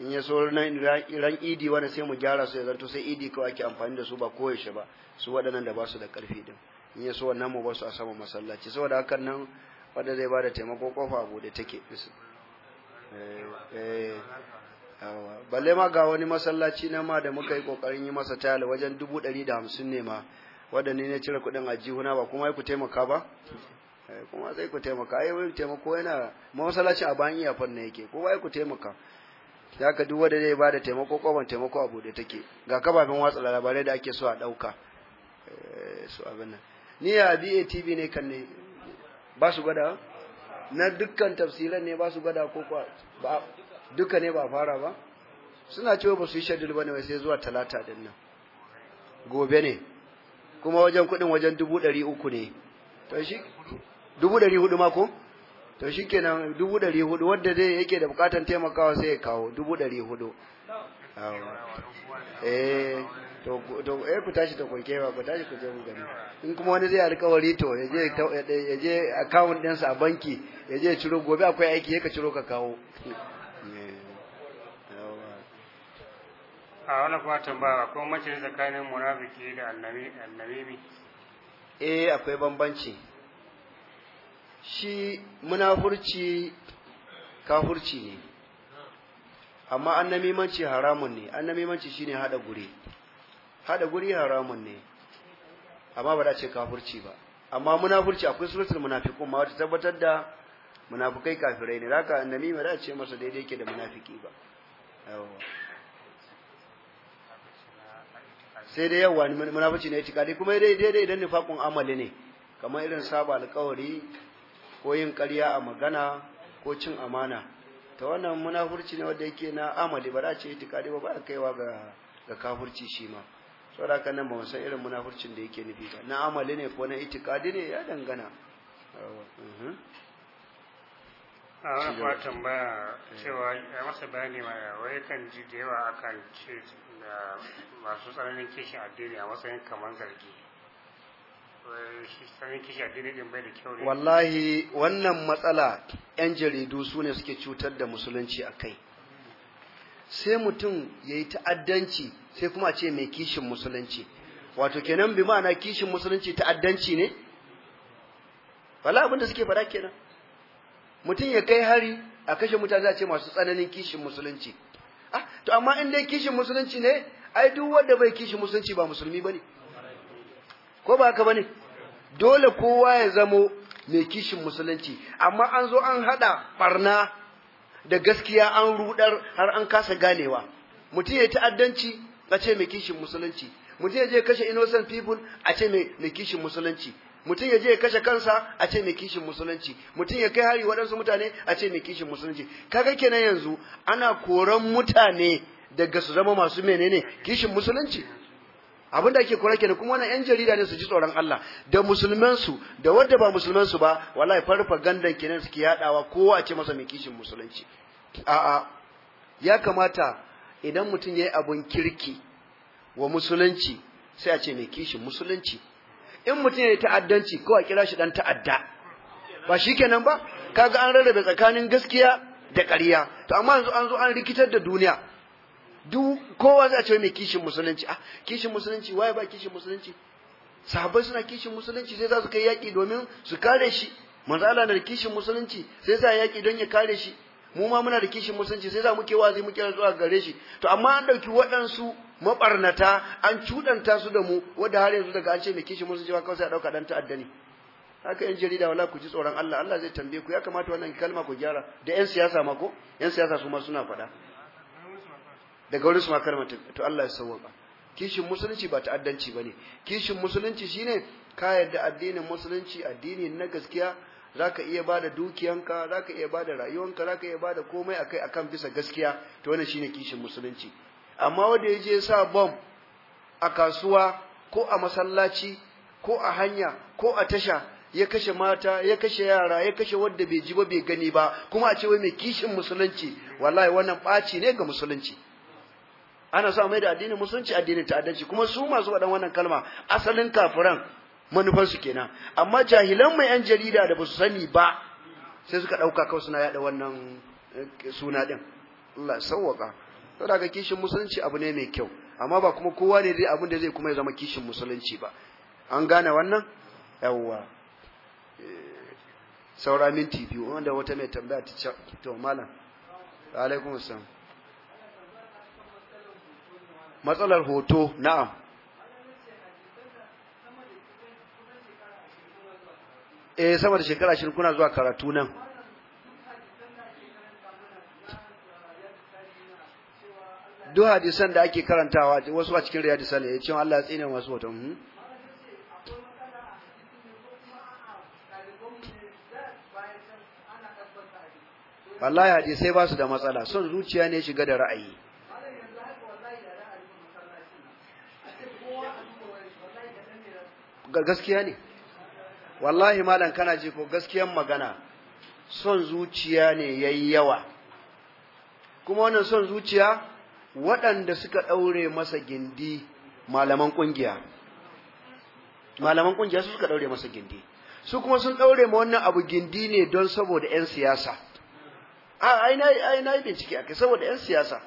in ya so ran idi wani sai mu gyara su ya zarto sai idi kawai ake amfani da su ba koyaushe ba su waɗannan da ba su da ƙarfi din in ya so wannan mu ba su a saman masallaci saboda hakan nan wanda zai ba da taimako kofa abu da take eh, eh, balle ma ga wani masallaci na ma da muka yi kokarin yi masa tayal wajen dubu ɗari da hamsin ne ma wadda ne ne cire kuɗin a jihuna ba kuma ku taimaka ba eh, kuma sai ku taimaka ai taimako yana ma a bayan iyafan yake ko ba ku taimaka da ka duk wanda zai bada taimako ko ban taimako a da take ga kababen watsa labarai da ake so a dauka eh, su abin nan ni a BATV ne kan ne ba su gwada na dukkan tafsiran ne ba su gwada ko ba duka ne ba fara ba suna cewa ba su yi shaddul ba ne sai zuwa talata din nan gobe ne kuma wajen kudin wajen dubu ɗari uku ne to shi dubu ɗari hudu ma ko to shikenan dubu ɗari hudu wadda dai yake da bukatan taimakawa sai ya kawo dubu ɗari hudu eh to to eh ku tashi ta kwanke ba ku tashi ku je mu gani in kuma wani zai alkawari to ya je ya je account ɗinsa a banki ya je ciro gobe akwai aiki ya ka ciro ka kawo eh, a wani kuma tambaya ko mace tsakanin munafiki da annabi annabi eh akwai bambanci shi munafurci kafurci ne amma annamimanci haramun ne annamimanci shine hada guri hada guri haramun ne amma ba da ce kafurci ba amma munafurci akwai suratul munafiqun ma wata tabbatar da munafukai kafirai ne haka annabi ba da ce masa daidai yake da munafiki ba sai dai yawa munafurci ne itikadi kuma daidai idan nifaqun amali ne kamar irin saba alƙawari ko yin ƙarya a magana ko cin amana ta wannan munafurci ne wanda yake na amali ba za ce itikadi ba ba kaiwa ga ga kafurci shi ma saboda haka nan ba mu san irin munafurcin da yake nufi ba na amali ne ko na itikadi ne ya dangana a wani kuwa tambaya eh. cewa ya masa bayani ma wai kan ji da yawa akan ce masu tsananin kishin addini a matsayin kamar zargi wallahi wannan matsala 'yan jaridu su ne suke cutar da musulunci a kai sai mutum ya yi ta'addanci sai kuma ce mai kishin musulunci wato kenan bi ma'ana kishin musulunci ta'addanci ne wala abinda suke fara kenan mutum ya kai hari a kashe mutane a ce masu tsananin kishin musulunci ah to amma in dai kishin musulunci ne ai duk wanda bai kishin musulunci ba musulmi bane ne ko ba haka bane dole kowa ya zamo mai kishin musulunci amma an zo an haɗa ɓarna da gaskiya an rudar har an kasa ganewa mutum ya ta'addanci a ce mai kishin musulunci mutum ya je kashe innocent people a ce mai kishin musulunci mutum ya je kashe kansa a ce mai kishin musulunci mutum ya kai hari waɗansu mutane a ce mai kishin musulunci kaga kenan yanzu ana koran mutane daga su zama masu menene kishin musulunci abin da ake kora kenan kuma wannan yan jarida ne su ji tsoron Allah da musulman su da wanda ba musulman su ba wallahi gandan kenan suke yadawa kowa a ce masa mai kishin musulunci a'a ya kamata idan mutum yayi abun kirki wa musulunci sai a ce mai kishin musulunci in mutum yayi ta'addanci ko a kira shi dan ta'adda ba shi shikenan ba kaga an rarrabe tsakanin gaskiya da ƙarya to amma yanzu an zo an rikitar da duniya duk kowa za a ce mai kishin musulunci a ah, kishin musulunci waye ba kishin musulunci sahabbai suna kishin musulunci sai za su kai yaƙi domin su kare shi manzala na da kishin musulunci sai a yaƙi don ya kare shi mu ma muna da kishin musulunci sai za mu ke wazi muke zuwa gare shi to amma an ɗauki waɗansu mabarnata an cudanta su da mu wanda har yanzu daga an ce mai kishin musulunci ba kawai sai a ɗauka ɗan ta'adda ne haka yan jarida wala ku ji tsoron Allah Allah zai tambaye ku ya kamata wannan kalma ku gyara da yan siyasa ma ko yan siyasa su ma suna faɗa daga wurin su ma to Allah ya sauwaka kishin musulunci ba ta'addanci ne. kishin musulunci shine ka yarda addinin musulunci addini na gaskiya zaka iya bada dukiyanka zaka iya bada rayuwanka zaka iya bada komai akai akan bisa gaskiya to wannan shine kishin musulunci amma wanda yaje sa bom a kasuwa ko a masallaci ko a hanya ko a tasha ya kashe mata ya kashe yara ya kashe wanda bai ji ba bai gani ba kuma a ce wai mai kishin musulunci wallahi wannan ɓaci ne ga musulunci ana sa mai da addinin musulunci addinin ta'addanci kuma su masu waɗan wannan kalma asalin kafiran manufansu kenan amma jahilan mai yan jarida da ba su sani ba sai suka ɗauka kawai suna yaɗa wannan eh, suna ɗin Allah sauwaka to daga kishin musulunci abu ne mai kyau amma ba kuma kowa ne dai abin da zai kuma ya zama kishin musulunci ba an gane wannan yawwa eh, saura minti biyu wanda wata mai tambaya ta to malam alaikum assalam matsalar hoto na'am eh sama da shekara shirin kuna zuwa karatu nan duk hadisan da ake karantawa wasu a cikin riyadisan, sale ya ce Allah ya tsine masu hoton hmm? wallahi hadisai ba su da matsala son zuciya ne shiga da ra'ayi gaskiya ne wallahi malam kana ji ko gaskiyan magana son zuciya ne yayi yawa kuma wannan son zuciya waɗanda suka ɗaure masa gindi malaman ƙungiya malaman ƙungiya su suka ɗaure masa gindi su kuma sun ɗaure ma wannan abu gindi ne don saboda 'yan siyasa a ai na yi bincike kai saboda 'yan siyasa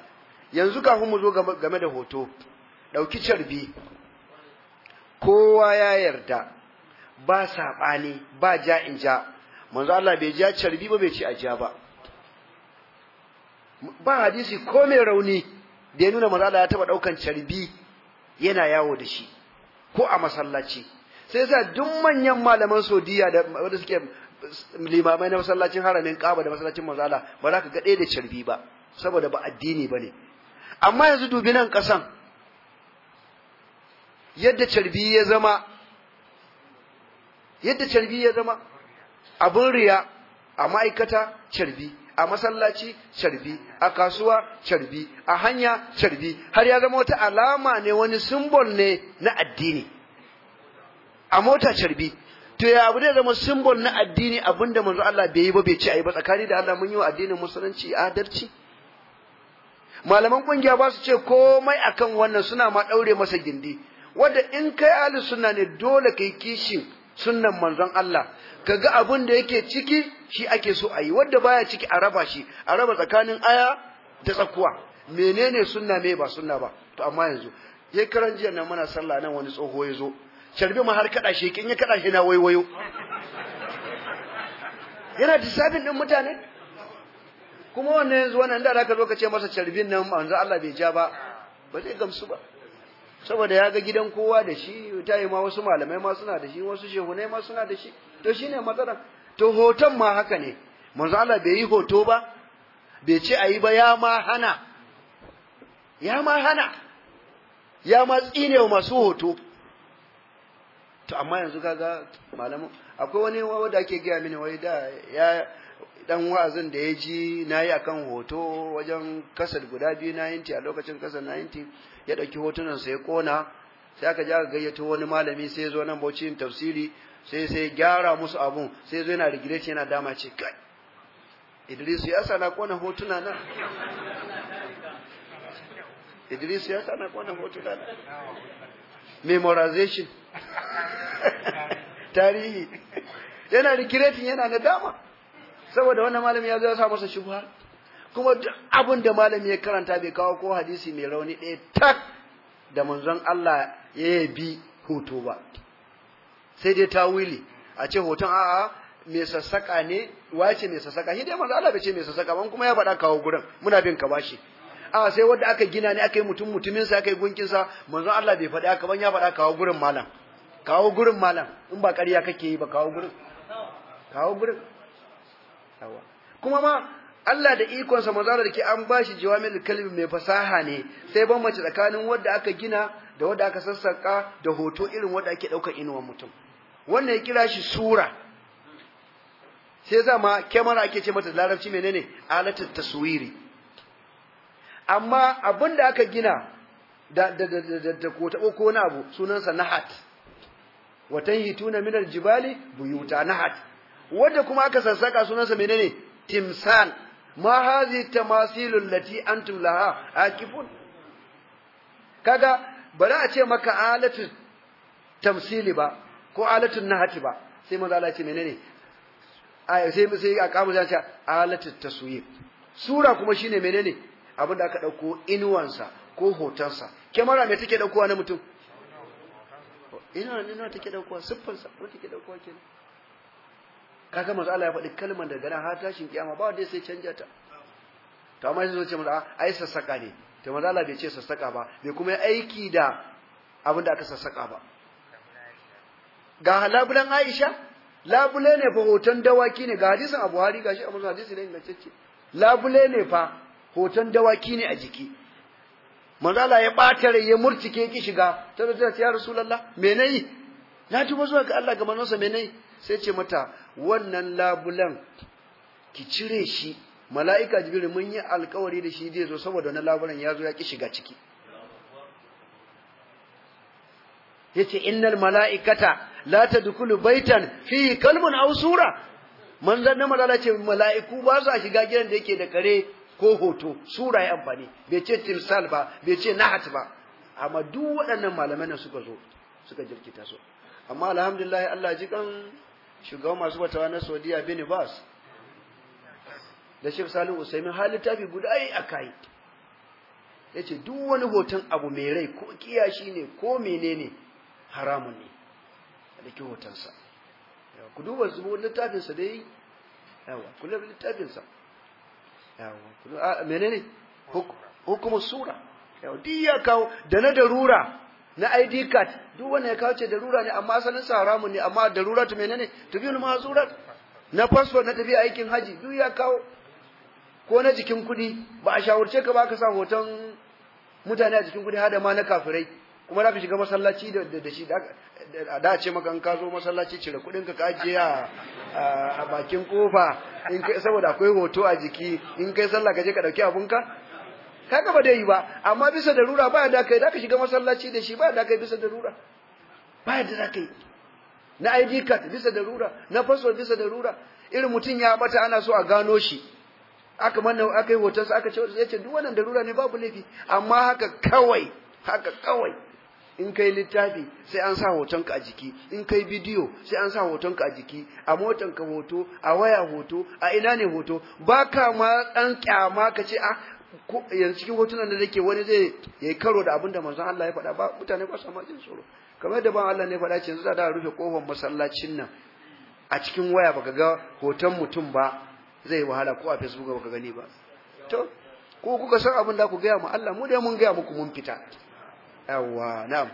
yanzu kafin mu zo game da hoto ɗauki carbi kowa ya yarda ba saɓani ba ja in ja manzo Allah bai ja carbi ba bai ci a ja ba ba hadisi ko mai rauni da ya nuna manzo Allah ya taba daukan carbi yana yawo da shi ko a masallaci sai sa duk manyan malaman sodiya da wanda suke limamai na masallacin haramin Kaba da masallacin manzo Allah ba za ka ga da carbi ba saboda ba addini ba ne. amma yanzu dubi nan kasan yadda carbi ya zama yadda carbi ya zama abin riya a ma'aikata carbi a masallaci carbi a kasuwa carbi a hanya carbi har ya zama wata alama ne wani simbol ne na addini a mota carbi to ya abu da zama simbol na addini abinda manzo Allah bai yi ba bai ce ayi ba tsakani da Allah mun yi wa addinin musulunci adalci malaman kungiya ba su ce komai akan wannan suna ma daure masa gindi wanda in kai ahli sunna ne dole kai kishin sunnan manzon Allah kaga abun da yake ciki shi ake so ayi wanda baya ciki a raba shi a raba tsakanin aya da tsakuwa menene sunna me ba sunna ba to amma yanzu yayin karan jiya nan muna sallah nan wani tsoho ya zo sharbi ma har kada shi kin ya kada shi na waiwayo yana disabin din mutane kuma wannan yanzu wannan da zaka zo ka ce masa sharbin nan manzon Allah bai ja ba ba zai gamsu ba saboda ya ga gidan kowa da shi ta yi ma wasu malamai ma suna da shi wasu shehunai ma suna da shi to shine matsalar to hoton ma haka ne manzo Allah bai yi hoto ba bai ce a yi ba ya ma hana ya ma hana ya ma tsine wa masu hoto to amma yanzu kaga malamu akwai wani wanda ake gaya mini wai da ya dan wa'azin da ya ji na yi akan hoto wajen kasar guda biyu na yinti a lokacin kasar na yinti ya ɗauki hotunan sa ya kona sai aka ji aka gayyato wani malami sai zo nan bauchi tafsiri sai sai gyara musu abun sai zo yana rigireci yana dama ce kai Idris ya sana kona hotuna na Idris ya sana kona hotuna na memorization tarihi yana rikiretin yana nadama saboda wannan malami ya zo ya sa masa shubha kuma duk abin da malami ya karanta bai kawo ko hadisi mai rauni ɗaya tak da manzon Allah ya bi hoto ba sai dai ta wili a ce hoton a'a mai sassaka ne wace mai sassaka shi dai manzon Allah bai ce mai sassaka ban kuma ya faɗa kawo gurin muna bin ka bashi a sai wanda aka gina ne aka yi mutum mutumin sa aka yi gunkin sa manzon Allah bai faɗa ka ban ya faɗa kawo gurin malam kawo gurin malam in ba ƙarya kake yi ba kawo gurin kawo gurin kuma ma Allah da ikonsa manzara da ke an bashi jawamil kalbi mai fasaha ne sai ban mace tsakanin wanda aka gina da wanda aka sassaka da hoto irin wanda ake daukar inuwar mutum wannan ya kira shi sura sai zama kyamara ake ce mata larabci menene alatul taswiri amma abinda aka gina da da da da, da ko ta ko na abu sunansa nahat wa tanhituna min aljibali buyuta nahat wanda kuma aka sassaka sunansa menene timsan ma hazi tamasilul lati antum laha akifun kaga bari a ce maka alatu tamsili ba ko alatu nahati ba sai manzo Allah ce menene ai sai mu sai a kamu ta alatu sura kuma shine menene abin da aka dauko inuwansa ko hotonsa kamera me take daukowa na mutum ina ne take daukowa siffansa ko take daukowa kenan kaga manzo Allah ya faɗi kalmar daga nan har tashin kiyama ba wanda sai canja ta to amma sai zoce ce manzo ai sassaka ne to manzo Allah bai ce sassaka ba bai kuma aiki da abin da aka sassaka ba ga labulan Aisha labule ne fa hoton dawaki ne ga hadisin Abu Hari gashi amma hadisi ne ingantacce labule ne fa hoton dawaki ne a jiki manzo Allah ya batare ya murtike ki shiga ta ce ya Rasulullah me nayi na ji zuwa ga Allah ga sa me nayi sai ce mata wannan labulan ki cire shi mala'ika jibril mun yi alkawari da shi zai zo saboda wannan labulan ya zo ya ki shiga ciki yace innal mala'ikata la tadkhulu baitan fi kalmun aw sura manzon na malala ce mala'iku ba a shiga gidan da yake da kare ko hoto sura ya amfani bai ce timsal ba bai ce nahat ba amma duk waɗannan malaman suka zo suka jirkita su amma alhamdulillah Allah ji kan shugaban masu fatawa na Saudiya bin Bas da shi Salim Usaimin hali tafi guda kayi Ya ce duk wani hoton abu mai rai ko kiyashi ne ko menene haramun ne da ke hoton sa ku duba zubo littafinsa sa dai yawa ku duba littafin yawa ku menene hukumar sura yawa duk kawo da na darura na ID card duk wanda ya kawo darura ne amma asalin sa haramun ne amma darura to menene tubiyul na passport na tafi aikin haji duk ya kawo ko na jikin kudi ba a shawarce ka ba ka sa hoton mutane a jikin kudi hada ma na kafirai kuma za ka shiga masallaci da da shi da da ce maka in ka zo masallaci cire kudin ka ajiye a bakin kofa in kai saboda akwai hoto a jiki in kai sallah ka je ka dauki abunka kaga ba dai yi ba amma bisa darura ba da kai zaka shiga masallaci da shi ba da kai bisa darura ba da zaka yi na ID card bisa darura na password bisa darura irin mutum ya bata ana so a gano shi aka manna aka yi hoton sa aka ce ya ce duk wannan darura ne babu laifi amma haka kawai haka kawai in kai littafi sai an sa hotonka a jiki in kai bidiyo sai an sa hotonka a jiki a ka hoto a waya hoto a ina ne hoto ba ka ma dan kyama ka ce ah yanzu cikin hotunan da nake wani zai yayi karo da abinda manzon Allah ya faɗa ba mutane ba su ma jin tsoro kamar yadda ban Allah ne faɗa ce yanzu za da rufe kofar masallacin nan a cikin waya baka ga hoton mutum ba zai wahala ko a Facebook baka gani ba to ko kuka san abin da ku gaya mu Allah mu dai mun gaya muku mun fita yawa na'am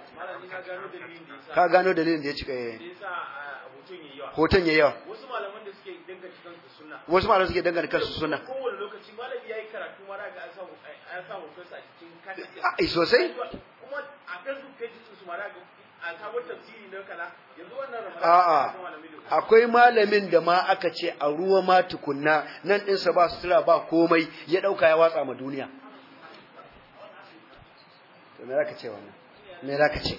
ka gano dalilin da ya cika eh hoton ya yawa wasu malamin da suke danganta kansu suna a'a akwai malamin da ma aka ce a ruwa ma tukunna nan ɗinsa ba sutura ba komai ya ɗauka ya watsa ma duniya me za ce wannan me za ka ce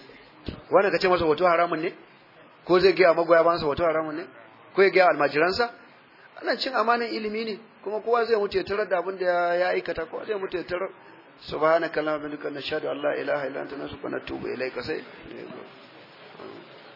wannan ka ce masa hoto haramun ne ko zai gaya magoya bayansa wato haramun ne ko ya gaya almajiransa ana cin amanan ilimi ne kuma kowa zai mutu ya tarar da abin da ya aikata kowa zai mutu ya tarar subhanakallahumma wa bihamdika nashhadu an la ilaha illa anta nastaghfiruka wa natubu ilayka sai